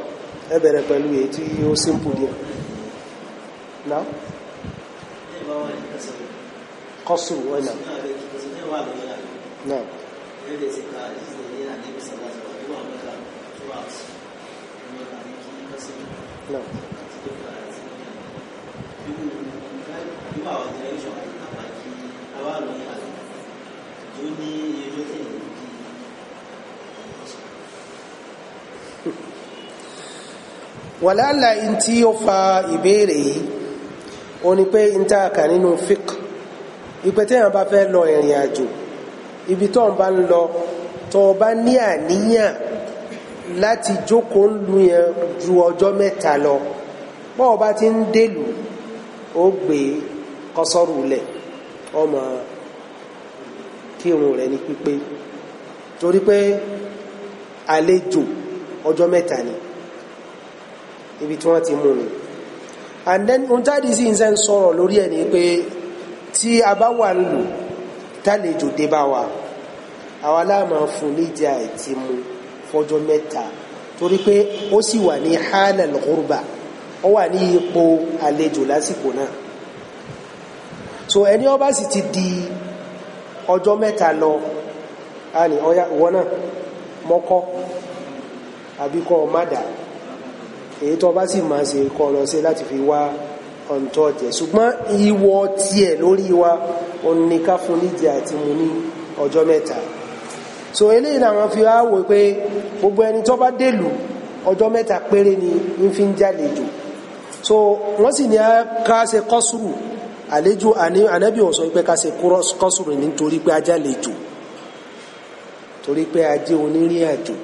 ẹ pẹ̀lú èyí ó simple díẹ̀ náà náà náà nígbà àwọn ọ̀dọ́ ẹ̀ṣọ́ àpàkì awàlọ́ ìyàlọ́ tó ní iye tó tẹ̀ ní kí wàláàlà in tí ó fa ìbéèrè yìí ó ní pé n tá a kà nínú fík ìpè téèyàn bá fẹ́ lọ ìrìn àjò ibi tó ń bá ń lọ tó o bá ní àníyàn láti jókòó lu yẹn ju ọjọ́ mẹ́ta lọ bọ́ọ̀ bá ti ń délùú ó gbé e kọ́sọ́rù lẹ̀ ọmọ kírun rẹ̀ ní pípé torí pé àlejò ọjọ́ mẹ́ta ni ibi tí wọ́n ti mú ni and then ohun táàdì sí ń sẹ́ ń sọ̀rọ̀ lórí ẹ̀ ni pé tí a bá wà ń lò tálejò dé bá wa àwa láàmà fún níjà àti mu fọjọ́ mẹ́ta torí pé ó sì wà ní hálà lọ́gọ́rùbà ó wà ní ipò àlejò lásìkò náà so ẹni ọba sì ti di ọjọ́ mẹ́ta lọ a ní ọya ìwọ náà mọ́kọ́ àbí kọ́ ọ má dà èyí tó bá sì máa ṣe kọ́ lọ sí láti fi wá ọ̀ǹtọ́ jẹ ṣùgbọ́n ìwọ tiẹ̀ lórí wa òun ni ká fún níjẹ àti mu ní ọjọ́ mẹ́ta so eléyìí làwọn fi wá wò pé gbogbo ẹni tó bá dèlù ọjọ́ mẹ́ta péré ni ń fi ń jálejò so wọ́n sì ní ká ṣe kọ́sùrù àlejò ànábì ò sọ pé ká ṣe kọ́sùrù nítorí pé ajá lè jò torí pé ajé onírìn àjò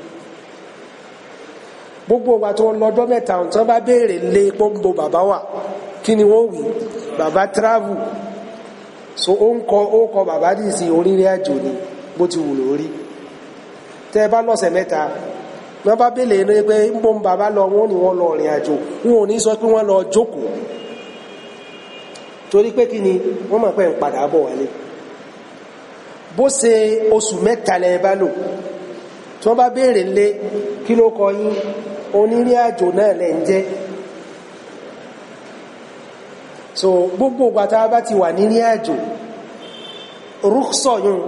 gbogbo wa tó lọ́jọ́ mẹ́ta ọ̀tán bá béèrè lé pọ́ńbó bàbá wa kí ni wọ́n wí bàbá travel so ó ń kọ ó kọ bàbá dìísí onírìn àjò ni bó ti wù lórí tẹ́ ẹ bá lọ́sẹ̀ mẹ́ta wọ́n bá béèrè lé pé ń bọ́ bàbá lọ wọ́n ní wọ́n lọ rìn àjò wọn ò ní sọ pé wọ́n lọ jókòó torí pé kí ni wọ́n mọ̀ pé ń padà bọ̀ wálé bó ṣe oṣù mẹ́ta lẹ bá lò tí wọ́n bá béèrè lé kí ló kọ yín onírìn àjò náà lẹ ń jẹ́ so gbogbo gbàtà bá ti wà nírìn àjò rúksọ yún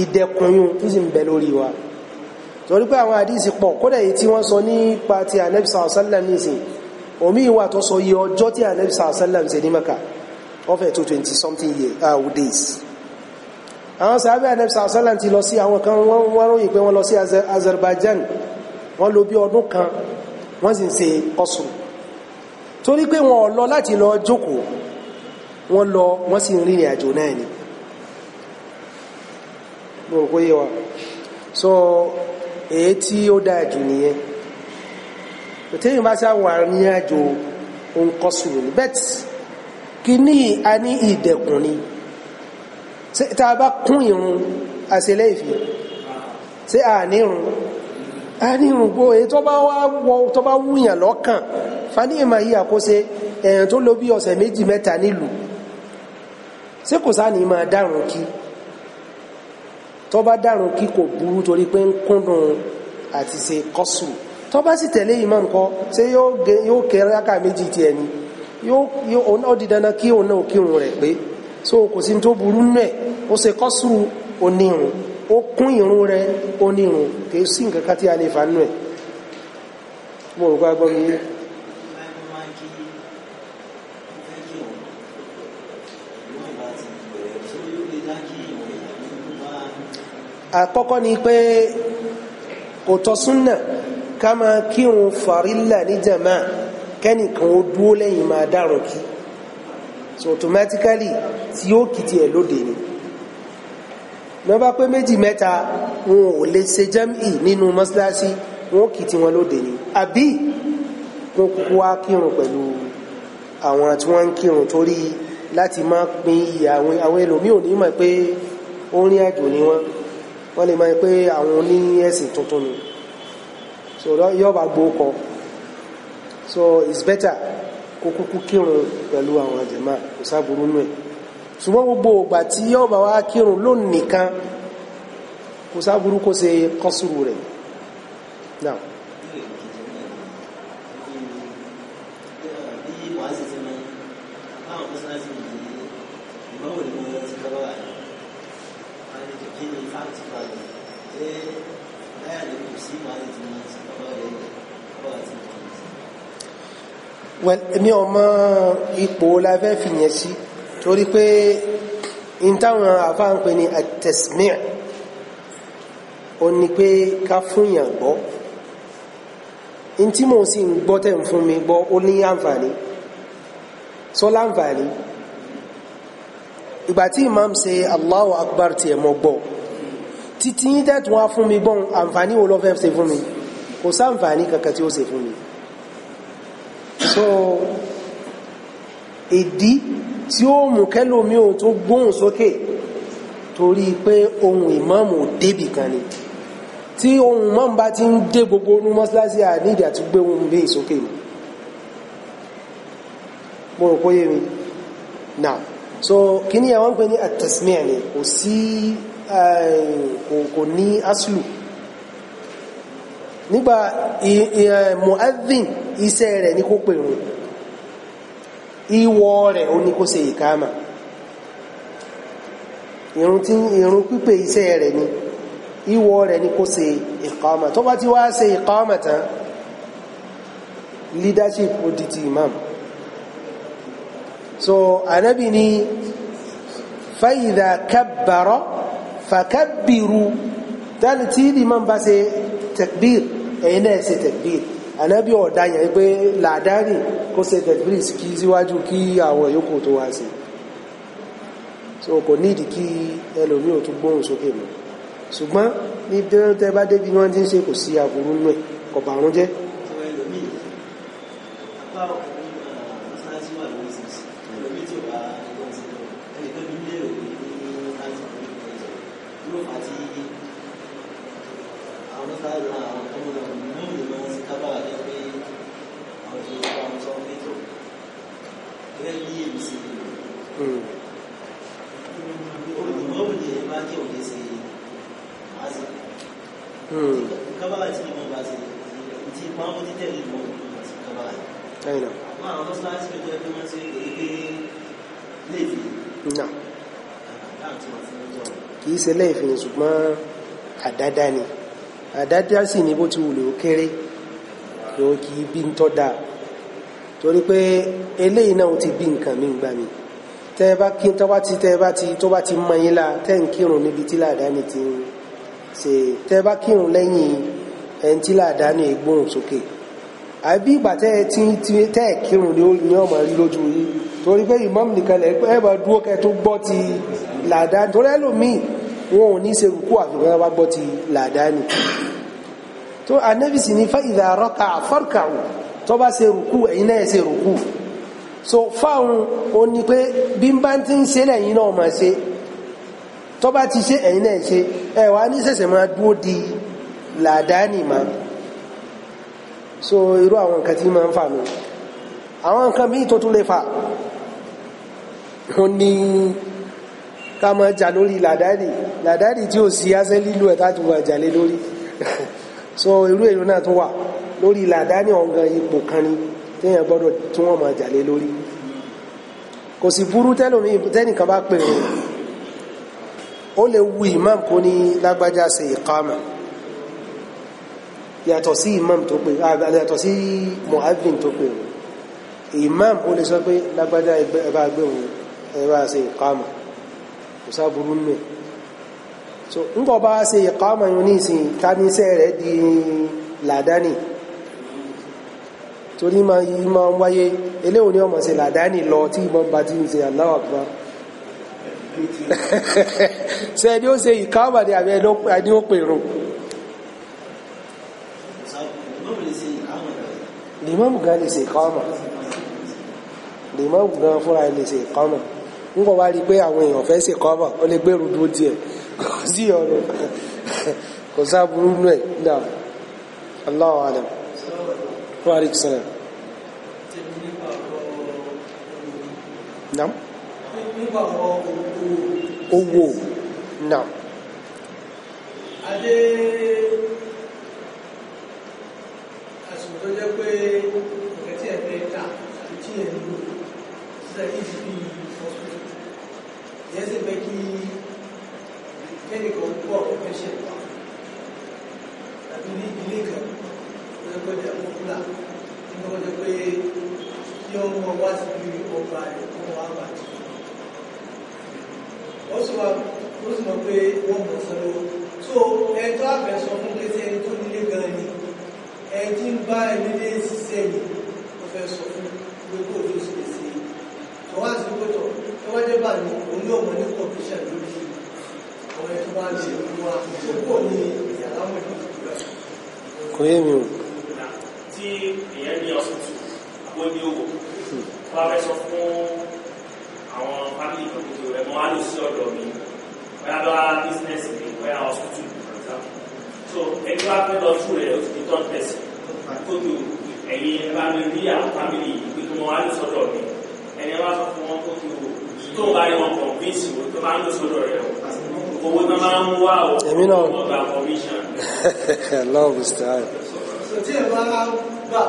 ìdẹkùn yún tó sì ń bẹ lórí wa torí pé àwọn àdísì pọ̀ kódà èyí tí wọ́n sọ nípa ti ànẹ́bìsà ọ̀sánlẹ̀ nìsín omi ìwà tó sọ iye ọjọ́ tí ànẹ́bìsà ọ̀sánlẹ̀ ń ní mẹ́ka wọ́n fẹ́ tó twenty something year uh, days àwọn sàbẹ̀ anẹ́bísà ọ̀sánlán ti lọ sí àwọn kan wọ́n ròyìn pé wọ́n lọ sí Azerbaijan wọ́n lò bí ọdún kan wọ́n sì ń ṣe kọ́sùn torí pé wọ́n lọ láti lọ jókòó wọ́n lọ wọ́n sì ń rìnrìn àjò náà ni mo rò pé wa so èyí tí ó dáa jù nìyẹn tẹ́yìn bá sáwọn àrìn àjò òun kọ́sùn ní bẹ́ẹ̀ kíní a ní ìdẹ̀kùn ni tá a bá kún ìrun àṣẹlẹ̀ ìfì ṣé a ní ìrun a ní ìrun gbó èyí tó bá wá tó bá wúyàn lọ́kàn fani ìmọ̀ yìí àkóse èèyàn tó lò bí ọ̀sẹ̀ méjì mẹ́ta nílùú ṣé kò sáà ní máa dárun kí tó bá dárun kí kò burú torí pé ń kúndùn àti ṣe kọ́sù tó bá sì tẹ̀lé ìmọ̀ nǹkan ṣé yóò kẹ́ rákà méjì tiẹ̀ ni yóò ó di dandan kí òun náà kírun rẹ̀ pé so kò sí tó burú nù ẹ̀ ó ṣe kọ́sùrù onírun ó kún ìrun rẹ̀ onírun kì í sí nǹkan tí a lè fa nù ẹ̀ mo rò pé agbọ́n mi yé. àkọ́kọ́ ni pé kò tọ́ súnà ká máa kírun fàrílà ní jàmáà kẹ́nìkan ó dúó lẹ́yìn máa dárùn kí so automatically tí ó kìtì ẹ̀ lóde ni nọba pé méjì mẹ́ta wọn ò lè ṣe jẹ́mì nínú mọ́sálásí wọn ó kìtì wọn lóde ni àbí wọn kúkú wá kírun pẹ̀lú àwọn tí wọ́n ń kírun torí láti má pín iye àwọn ẹlòmíì ò ní mọ̀ pé orin àjò ni wọ́n wọ́n lè mọ̀ pé àwọn oní ẹ̀sìn tuntun ni so yọba gbó kọ so it's better kó kúkú kírun pẹ̀lú àwọn àjẹmá kò sáburú nù ẹ̀ ṣùgbọ́n gbogbo ògbà tí yóò bá wá kírun lónìí kan kò sáburú kó ṣe kọ́sùrù rẹ̀ now. Thank you ní ọmọ ipò láfẹ́ fìyẹn sí torí pé in táwọn àfáà ń pè ní àtẹ̀sìmíà ó ní pé ká fúnyàn gbọ́ in tí mo sì ń gbọ́ tẹ̀ ń fún mi gbọ́ ó ní àǹfààní sọ láǹfààní ìgbà tí imam ṣe Allahu Akbar tiẹ̀ mọ́ gbọ́ títí yín tẹ̀tún wá fún mi gbọ́n àǹfààní wo ló fẹ́ ṣe fún mi kò sáǹfààní kankan tí ó ṣe fún mi. so ìdí tí ó mú kẹ́lómi ohun tó gbóhùn sókè torí pé ohun ìmáàmù débì kan ni tí ohun ìmáàmù bá ti ń dé gbogbo onú mọ́sálásí àníìdí àti gbé ohun bí ìsókè mi mo rò póyé mi now so kí ni àwọn ń pè ní àtẹ̀símẹ̀ ni kò sí eh, kò ní aṣlù nígbà mu'adhin iṣẹ́ rẹ̀ ní kó pèrún ìwọ rẹ̀ ó ní kó ṣe ìkáàmà irun tí irun pípé iṣẹ́ rẹ̀ ni ìwọ rẹ̀ ni kó ṣe ìkáàmà tó bá ti wá ṣe ìkáàmà tán leadership ó di ti imam so anabi ni fa'idha kabbara fakabbiru tí imam bá ṣe takbir ẹ̀yin náà ṣe tẹ̀gbìr ànábì ọ̀dá yẹn pé làdáni kó ṣe tẹ̀gbìr kí síwájú kí àwọn yòókù tó wá sí so kò nídi kí ẹlòmíì ò tún gbóhùn sókè mọ́ ṣùgbọ́n ní tẹ́ bá débi wọ́n ti ń ṣe kò sí aburú nù kọ̀bàrún jẹ́ ṣe lẹ́ẹ̀fin ṣùgbọ́n àdádá ni àdádá sì ni bó ti wùlò kéré yóò kí bí ń tọ́ dáa torí pé eléyìí náà ti bí nǹkan mi gbà mí tẹ́ bá kí tó bá ti tẹ́ ti tó ti mọ la tẹ́ ń kírun níbi tí làdáni ti ń ṣe tẹ́ bá kírun lẹ́yìn ẹni tí làdáni gbóhùn sókè àbí ìgbà tẹ́ ẹ ti kírun ni ó máa rí lójú yín torí pé ìmọ̀mù nìkan lẹ́ dúró kẹ́ tó gbọ́ ti làdáni torí ẹlòmíì wọn ò ní ṣe rúkú àfikún bá gbọ́ ti làdáni tó anabi sì ní fa idha raka'a farka'u tó bá ṣe rúkú ẹ̀yin náà ṣe rúkú so fáwọn ò ní pé bí n bá ti ń ṣe lẹ́yìn náà máa ṣe tó bá ti ṣe ẹ̀yin náà ṣe ẹ̀ wá ní ṣẹ̀ṣẹ̀ máa dúró di làdáni máa so irú àwọn nǹkan tí máa ń fà nù àwọn nǹkan míì tó tún lè fà ó ní ká máa jà lórí làdáàdì làdáàdì tí ò sí asẹ́ lílo ẹ̀ táti wà jàlé lórí so irú èyí náà tún wà lórí làdáàdì ọ̀gàn ipò kan ni téèyàn gbọ́dọ̀ tí wọ́n máa jàlé lórí kò sì burú tẹ́lómi tẹ́nìkan bá pè wọ́n ó lè wu imam kó ní lágbájá ṣe ìkámà yàtọ̀ sí imam tó pè yàtọ̀ sí mu'adhin tó pè imam ó lè sọ pé lágbájá ẹbá gbé òun ẹbá ṣe ìkámà kusa buru nne so ngọba si kama yoni si ta ni se re di ladani tori ma yi ma n waye ele o ni ọmọ se ladani lọ ti mo ba ti se alawa kuma se ni o se ikama ni abẹ ni o pe ro limamu gan le se ikama limamu gan fura le se ń bọ̀ wá rí i pé àwọn èèyàn fẹ́ ṣe kọ́bọ̀ ó lè gbèrú dúró díẹ̀ kò sí ọ̀rọ̀ kò sáàbùrú nù ẹ̀ náà Allahu alam wa alaikum salam. Naam. Owó. Naam. Adé àsìkò tó jẹ́ pé ọ̀kẹ́ tí ẹ̀ fẹ́ ta àti tí ẹ̀ lò sílẹ̀ ìdí bí hospital yẹn sì fẹ́ kí kẹ́nìkan pọ̀ que tàbí ní ilé kan tó yẹ pé ní àkókòlà tí wọ́n jẹ́ pé kí ọmọ wá sí bí ọba rẹ̀ kó wá bà jù ó sì wá é sì mọ̀ pé wọ́n que sọ́dọ̀ tó ẹjọ́ àfẹ́sọ fún kété ẹni tó nílé gan ni ẹni tí ń bá ẹni lé ṣiṣẹ́ yìí ó fẹ́ sọ fún gbogbo òfin ṣe àwọn àti gbọ́dọ̀ tó wájú bá ní òun ní ọmọ ní kọ̀ọ̀kíṣà lórí àwọn ẹ̀tọ́ wá ní ìlú wa òkú ní ìyàrá wọn ní ìjọba. kò yé mi o. tí èèyàn ní ọ̀sìtù àwọn ní owó bá fẹ́ sọ fún àwọn fámìlì ìgbàgbọ́dọ̀ rẹ̀ mọ́ so ẹni wá fẹ́ lọ sùn rẹ̀ o ti di tọ́jú ẹ̀sìn kó tó ẹ̀yin ẹ̀ ẹ̀yẹ wá sọ fún wọn kó fi wò tó ń bá rí wọn kọ̀ǹfíìsì wò tó bá ń lò sọ́dọ̀ rẹ̀ o owó tó máa ń wá o èmi náà gba commission. love is time. sọ tí ẹ bá gbà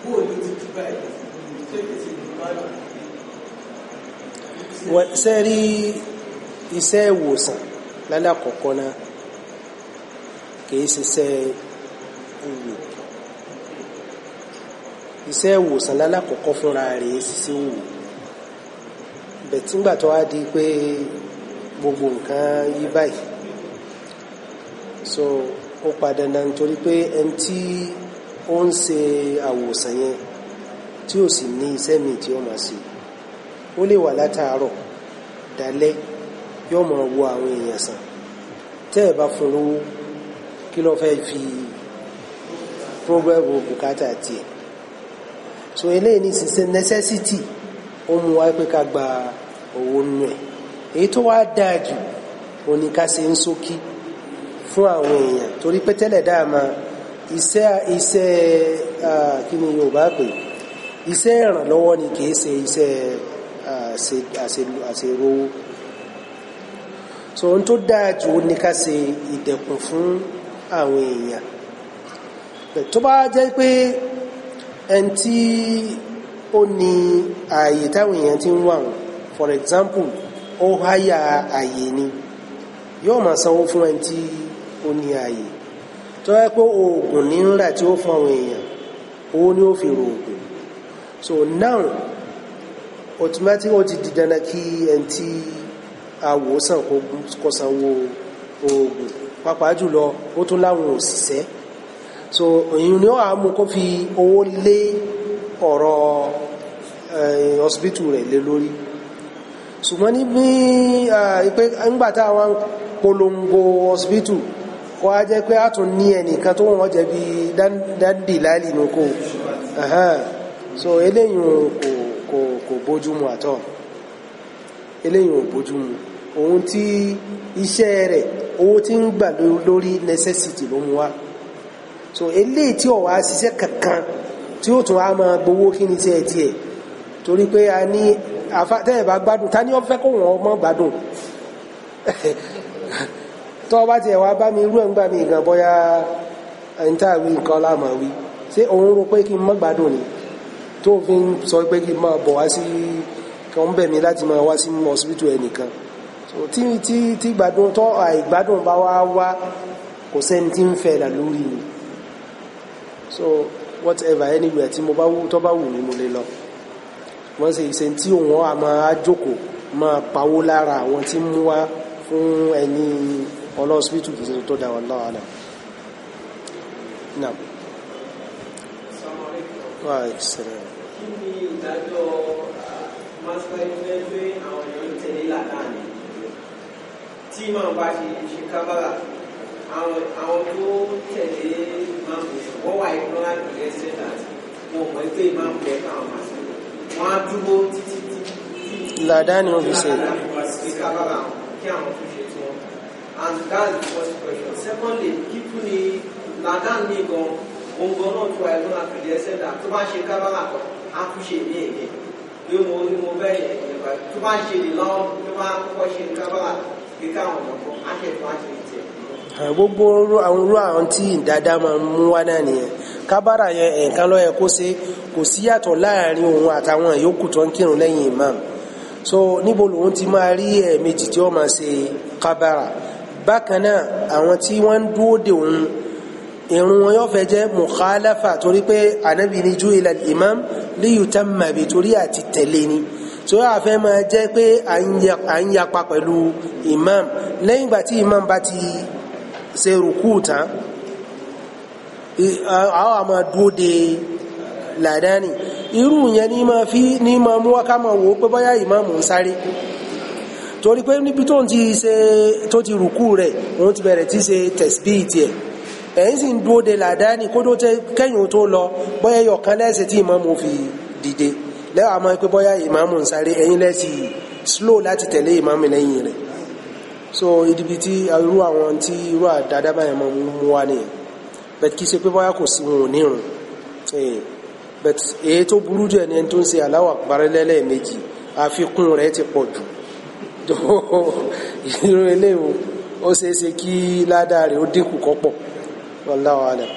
kú òní ti ti báyìí ṣé kìí ti bá yà. sẹ́ẹ̀rí iṣẹ́ ìwòsàn lálẹ́ àkọ́kọ́ náà kìí ṣiṣẹ́ ìwò iṣẹ́ ìwòsàn lálàkọ̀ọ́kọ́ fúnra rẹ̀ ṣiṣẹ́ wò bẹ̀tíngbà tó wá di pé gbogbo nǹkan yí báyìí so ó padà náà nítorí pé ẹni tí ó ń ṣe àwòsàn yẹn tí ó sì ní iṣẹ́ mi tí ó máa ṣe ó lè wà látàárọ̀ dalẹ́ yóò máa wo àwọn èèyàn sàn tẹ́ ẹ̀ bá fún lówó kí ló fẹ́ fi program bùkátà tiẹ̀ so eléyìí ni sísẹ necessity ó mú wa pé ká gba owó nù ẹ èyí tó wá dáa jù òní ká ṣe ń ṣókí fún àwọn èèyàn torí pé tẹ́lẹ̀ dáa máa iṣẹ́ iṣẹ́ kí ni Yorùbá pè iṣẹ́ ìrànlọ́wọ́ ni kì í ṣe iṣẹ́ àṣerówó so ohun tó dáa jù ó ní ká ṣe ìdẹ̀kùn fún àwọn èèyàn tó bá jẹ́ pé ẹn tí ó ní ààyè táwọn èèyàn ti ń wà for example ó háyà ààyè ni yóò máa sanwó fún ẹn tí ó ní ààyè tó yẹ pé oògùn ní ńlá tí ó fún àwọn èèyàn owó ni ó fi ro oògùn so now automatic ó ti di dandan kí ẹn awòsàn kó sanwó oògùn pàápàá jùlọ ó tún láwọn òṣìṣẹ́ so èyí ni ó wà mú kó fi owó lé ọ̀rọ̀ eh, hospital rẹ̀ lé lórí ṣùgbọ́n ní bí eh, pé ńgbàtà wa polongo hospital kó jẹ́ pé a tún ní ẹnìkan tó wọ́n jẹ́ bí ní so eléyìn kò kò àtọ́ eléyìn ò bójúmu ohun tí iṣẹ́ rẹ̀ owó tí ń gbà lórí necessity so eléyìí tí ọ̀wá ṣiṣẹ́ kankan tí ó tún á máa gbowó kí ni iṣẹ́ tiẹ̀ torí pé a ní afátẹ́yẹ̀ bá gbádùn ta ni ó fẹ́ kó wọn ọmọ gbádùn tọ́ bá tiẹ̀ wá bá mi rú ẹ̀ ń gbà gan bóyá ẹni tá a wí nǹkan láàmà wí ṣé òun rò pé kí n má gbádùn ni tó fi ń sọ pé kí n máa bọ̀ wá sí kan ń bẹ̀ mí láti máa wá sí hospital ẹnìkan tí tí tí gbádùn tọ́ àìgbádùn bá wá wá kò sẹ́ni tí ń fẹ́ là lórí ni so whatever anywhere tí mo bá wù tó bá wù mí mo lè lọ wọ́n sì ṣe tí òun á máa jókòó máa pawó lára àwọn tí mú wá fún ẹni ọlọ́ọ̀sìpítù kìí ṣe tó dá wọn lọ́wọ́ àná. Kí ni ìdájọ́ uh, máṣpẹ́ ìfẹ́ pé àwọn èèyàn ń tẹ̀lé lànà ni? Tí màá bá ṣe ṣe kábàrà, àwọn tó tẹ̀lé máa mú wọ́n wà ignorant pedestrian that wọn mọ̀ pé máa mú ẹ̀ka àwọn àti wọn á dúró títí títí. làdá ni wọn fi ṣe. kí àwọn fi ṣe tí wọn. and that's the first question. secondly kíkú ni làdá ní gan ongan náà tó wà ignorant pedestrian that tó bá ṣe kábàlà kan á kú ṣe ní èdè bí mo ní mo bẹ́ yẹn yẹn báyìí tó bá ṣe lọ́wọ́ tó bá kọ́kọ́ ṣe kábàlà kíkà àwọn ọ̀dọ́ á ṣe tó á ṣe Eh, gbogbo àwọn irú àwọn tí dáadáa máa mú wá náà nìyẹn kábàrà yẹn ẹ̀ẹ̀kan ló yẹ kó kò sí yàtọ̀ láàrin òun àtàwọn yòókù tó ń kírun lẹ́yìn imam so níbo lòun ti máa rí ẹ̀ẹ̀mejì tí ó máa ṣe kábàrà bákan náà àwọn tí wọ́n ń dúró de òun ìrun wọn yóò fẹ́ jẹ́ mukhalafa torí pé anabi ni ju ilal imam li yutamma bi torí àti tẹ̀lé ni so a fẹ́ máa jẹ́ pé à ń yapa pẹ̀lú imam lẹ́yìn ìgbà tí imam bá ti se rukuta, tán àwọn àmà dúó de làdáni irú yẹn ní ma fi ní ma mú wá ká ma wò ó pé bóyá ìmáàmù ń sáré torí pé níbi tó ti ṣe tó ti rùkú rẹ̀ òun ti bẹ̀rẹ̀ tí ṣe tẹ̀síbíì tiẹ̀ ẹ̀yìn sì ń dúó de làdáni kó tó tẹ kẹ́yìn tó lọ bóyá yọ̀kan lẹ́sẹ̀ tí ìmáàmù fi dìde lẹ́wọ̀n àmọ́ pé bóyá ìmáàmù ń sáré ẹ̀yìn lẹ́sìn slow láti tẹ̀lé ìmáàmù lẹ́yìn rẹ̀ so idibi tí irú àwọn tí irú àdáadáa báyẹn mọ mú wá nìyẹn bẹ́ẹ̀ kì í ṣe pé báyà kò sí wọn ò ní irun bẹ́ẹ̀ èyí tó burú jù ẹni tó ń ṣe Allahu Akbar lẹ́lẹ́ẹ̀mejì àfikún rẹ̀ ti pọ̀ jù irú eléwo ó ṣeé ṣe kí ládàá rẹ̀ ó dínkù kọ́pọ̀ wallahu alam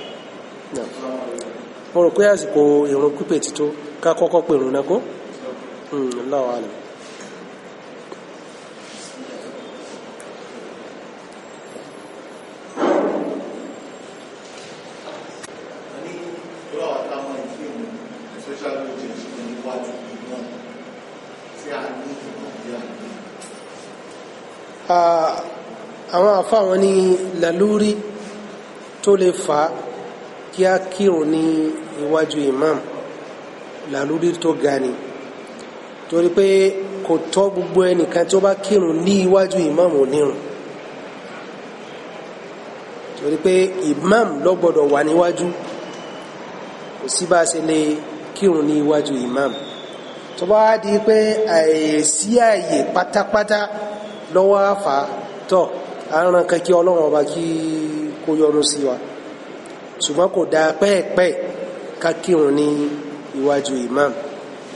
àfáà wọn ní lalúrí tó lè fà á kí á kírun ní iwájú imam lalúrí tó ga ni torí pé kò tọ́ gbogbo ẹnìkan tó bá kírun ní iwájú imam onírun torí pé imam ló gbọ́dọ̀ wà níwájú kò sí bá ṣe lè kírun ní iwájú imam tó bá di pé àìsí àyè pátápátá lọ́wọ́ àfà tọ̀ àrùn kankí ọlọ́run ọba kí kó yọ́nú sí wa ṣùgbọ́n kò dáa pẹ́ẹ̀pẹ́ ká kírun ní iwájú imam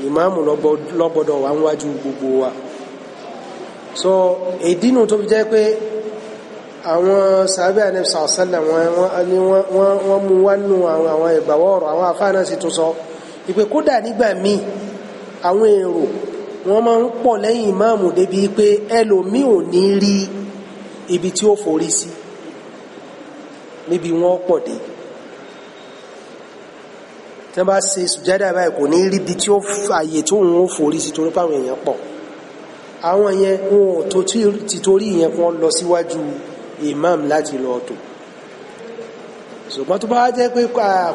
imam lọ́gbọ́dọ̀ wà níwájú gbogbo wa so ìdínú tó fi jẹ́ pé àwọn sàábẹ́ ànẹ́bìsà ọ̀sẹ́lẹ̀ wọ́n mú wá nù àwọn àwọn ìgbàwọ́ ọ̀rọ̀ àwọn afá náà sì tún sọ ìpè kódà nígbà míì àwọn èrò wọ́n máa ń pọ̀ lẹ́yìn ìmáàmù débi pé ẹlòmíì ò ní rí i ibi tí ó forí sí níbi wọ́n pọ̀ dé tí wọ́n bá ṣe sùjádà báyìí kò ní rí ibi tí ó àyè tó ń forí sí torí páwọn èèyàn pọ̀ àwọn yẹn wọn ò tó ti torí yẹn kí lọ síwájú imam láti lọ tò ṣùgbọ́n tó bá jẹ́ pé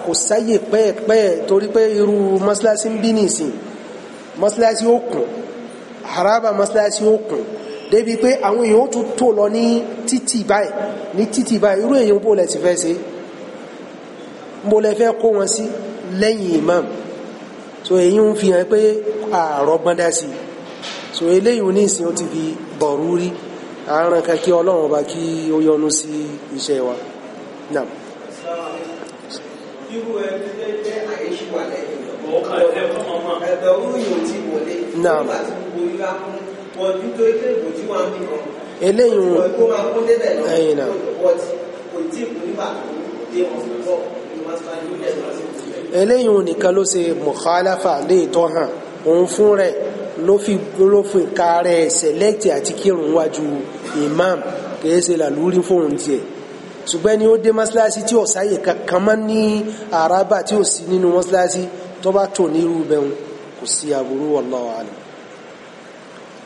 kò sáyè pẹ́ẹ̀pẹ́ torí pé irú mọ́sálásí ń bí nìsín mọ́sálásí ó kùn haraba mọ́sálásí ó kùn débi pé àwọn èèyàn ó tún tó lọ ní títì báyìí ní títì báyìí irú èèyàn bó lẹ ti fẹ́ ṣe bó lẹ fẹ́ kó wọn sí lẹ́yìn imam so èyí ń fi hàn pé ààrọ gbọ́ndá sí so eléyìí ò ní ìsìn ó ti fi bọ̀rú rí àárín kan kí ọlọ́run ọba kí ó yọ́nú sí iṣẹ́ wa náà. irú ẹ ti jẹ́ jẹ́ àyíṣíwálẹ̀ ẹ̀bẹ̀rún yóò ti wọlé nígbà tí gbogbo yóò á kún eléyìn ẹ̀yìn náà eléyìn nìkan ló ṣe mọ̀kálàfà lè tọ́ hàn òun fún rẹ̀ ló fi gbólófin ka sẹ̀lẹ́tì àti kírun wájú imam kìí ṣe làlúrí fóun tiẹ̀ ṣùgbẹ́ ni ó dé mọ́sálásí tí ọ̀sáyè kankan máa ní àràbà tí ò sí nínú mọ́sálásí tó bá tò ní irú bẹ́ẹ̀ kò sí aburú wallahu alam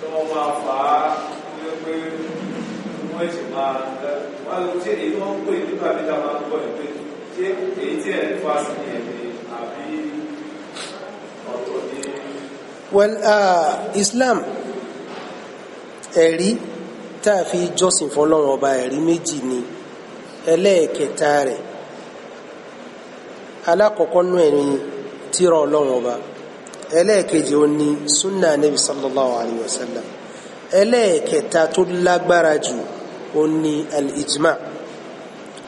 kí wọ́n máa fà á ní pé wọ́n ti máa wá lọ tí èyí wọ́n ń pè nígbà bí ta máa ń gbọ́ ìpè ṣé èyí tí ẹ̀ ń fa sí ni ẹ̀mí àbí ọ̀tọ̀ ní. well uh, Islam ẹ̀rí tá a fi jọ́sìn fọlọ́run ọba ẹ̀rí méjì ni ẹlẹ́ẹ̀kẹta rẹ̀ alákọ̀ọ́kọ́ nú ẹ̀rin tíra ọlọ́run ọba ẹlẹ́ẹ̀kejì ó ní sunna nabi sallallahu alayhi wa sallam ẹlẹ́ẹ̀kẹta tó lágbára jù ó ní al-ijma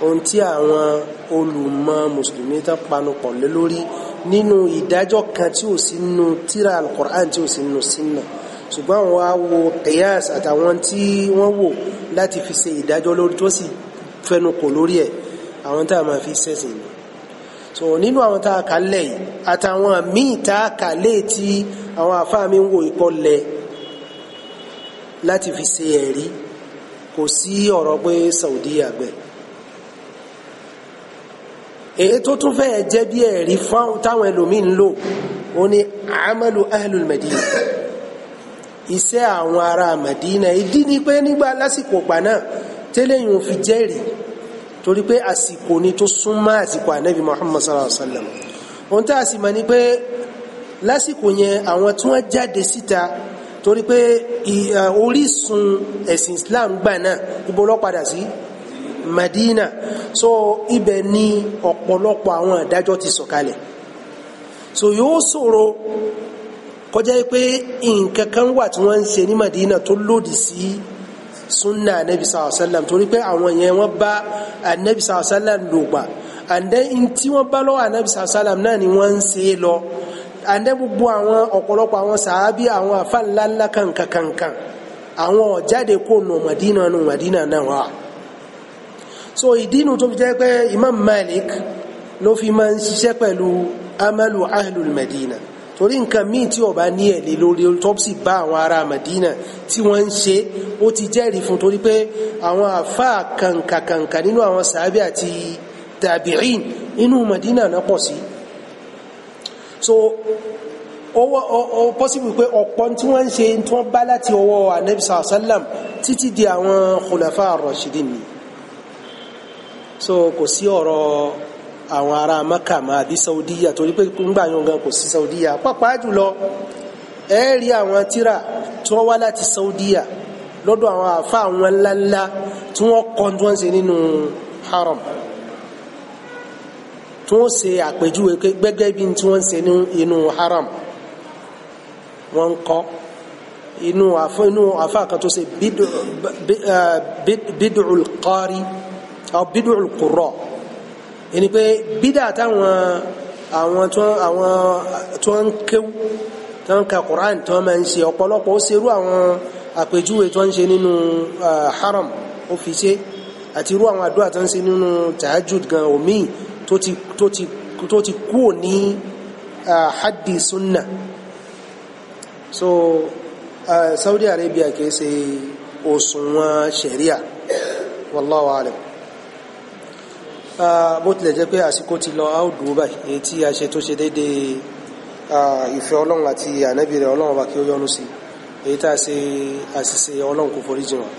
ohun tí àwọn olùmọ̀ mùsùlùmí tán panupọ̀ lé lórí nínú ìdájọ́ kan tí ò sí nínú tíra al-Qur'an tí ò sí nínú sunna ṣùgbọ́n àwọn wá qiyas àtàwọn tí wọ́n wò láti fi ṣe ìdájọ́ lórí tó sì fẹnukò lórí ẹ̀ àwọn tá a máa fi ṣẹ̀sìn ni so nínú àwọn tá a kà lẹ̀ yìí àtàwọn míì tá a kà léètí àwọn àfáà mi ń wo ìpọ́ lẹ̀ láti fi ṣe ẹ̀rí kò sí ọ̀rọ̀ pé Saudi àgbẹ̀ èyí tó tún fẹ́ jẹ́ bí ẹ̀rí táwọn ẹlòmíín lò ó ní amalu ahlul iṣẹ́ àwọn ará Madina ìdí ni pé nígbà lásìkò gbà náà tẹ́lẹ̀yìn ò fi jẹ́rìí torí pé àsìkò ni tó súnmọ́ àsìkò ànábì muhammad sallallahu alaihi wa sallam ohun tá a sì mọ̀ ni pé lásìkò yẹn àwọn tí wọ́n jáde síta torí pé orísun ẹ̀sìn islam gbà náà ibo ló padà sí madina so ibẹ̀ ni ọ̀pọ̀lọpọ̀ àwọn àdájọ́ ti sọ̀kalẹ̀ so yóò ṣòro kọjá pé nǹkan kan wà tí wọ́n ń ṣe ní madina tó lòdì sí. Si sunna anabi sallallahu alayhi wa sallam torí pé àwọn yẹn wọ́n bá anabi sallallahu alayhi wa sallam lò gbà àndẹ́ tí wọ́n bá lọ́wọ́ anabi sallallahu alayhi wa sallam náà ni wọ́n ń ṣe lọ àndẹ́ gbogbo àwọn ọ̀pọ̀lọpọ̀ àwọn sàábí àwọn àfa ńláńlá àwọn ọ̀jáde kó nù Madina nù Madina náà wà so ìdínú tó fi jẹ́ pé Imam Malik ló fi máa ń ṣiṣẹ́ pẹ̀lú amalu ahlul Madina torí nǹkan míì tí ọba ní ẹ̀lẹ́ lórí autopsy bá àwọn ará Madina tí wọ́n ń ṣe ó ti jẹ́rìí fún torí pé àwọn àfáà kàǹkàkàǹkà nínú àwọn sàábì àti tàbíìn inú Madina náà pọ̀ sí so ọwọ́ ọ pọ́sibú pé ọ̀pọ̀ tí wọ́n ń ṣe tí wọ́n bá láti ọwọ́ anabi sàlám títí di àwọn khulafa ar ni so kò sí ọ̀rọ̀ àwọn ará maka ma àbí saudiya torí pé ńgbà yóò gan kò sí saudiya pàápàá jùlọ ẹ rí àwọn tíra tí wọ́n wá láti saudiya lọ́dọ̀ àwọn àfa àwọn ńláńlá tí wọ́n kọ́ tí wọ́n ń ṣe nínú haram tí wọ́n ṣe àpèjúwe gbẹ́gbẹ́ bí tí wọ́n ń ṣe nínú haram wọ́n ń kọ́ inú àfa inú àfa kan tó ṣe bid'ul qari aw bid'ul qurra ẹni pé bídà táwọn àwọn tó àwọn tó ń kéwú tó ń ka Quran tó máa ń ṣe ọ̀pọ̀lọpọ̀ ó ṣerú àwọn àpèjúwe tó ń ṣe nínú haram ó fi ṣe àti irú àwọn àdúrà tó ń ṣe nínú tahajjud gan omi tó ti kúò ní haddi sunna so Saudi Arabia kìí ṣe òṣùwọ̀n sharia wallahu bó tilẹ̀ jẹ́ pé àsìkò ti lọ a ó dúró báyìí èyí tí a ṣe tó ṣe déédéé ìfẹ́ ọlọ́run àti ànábì rẹ̀ ọlọ́run bá kí ó yọ́nú sí èyí tá a ṣe àṣìṣe ọlọ́run kò foríjì wọn.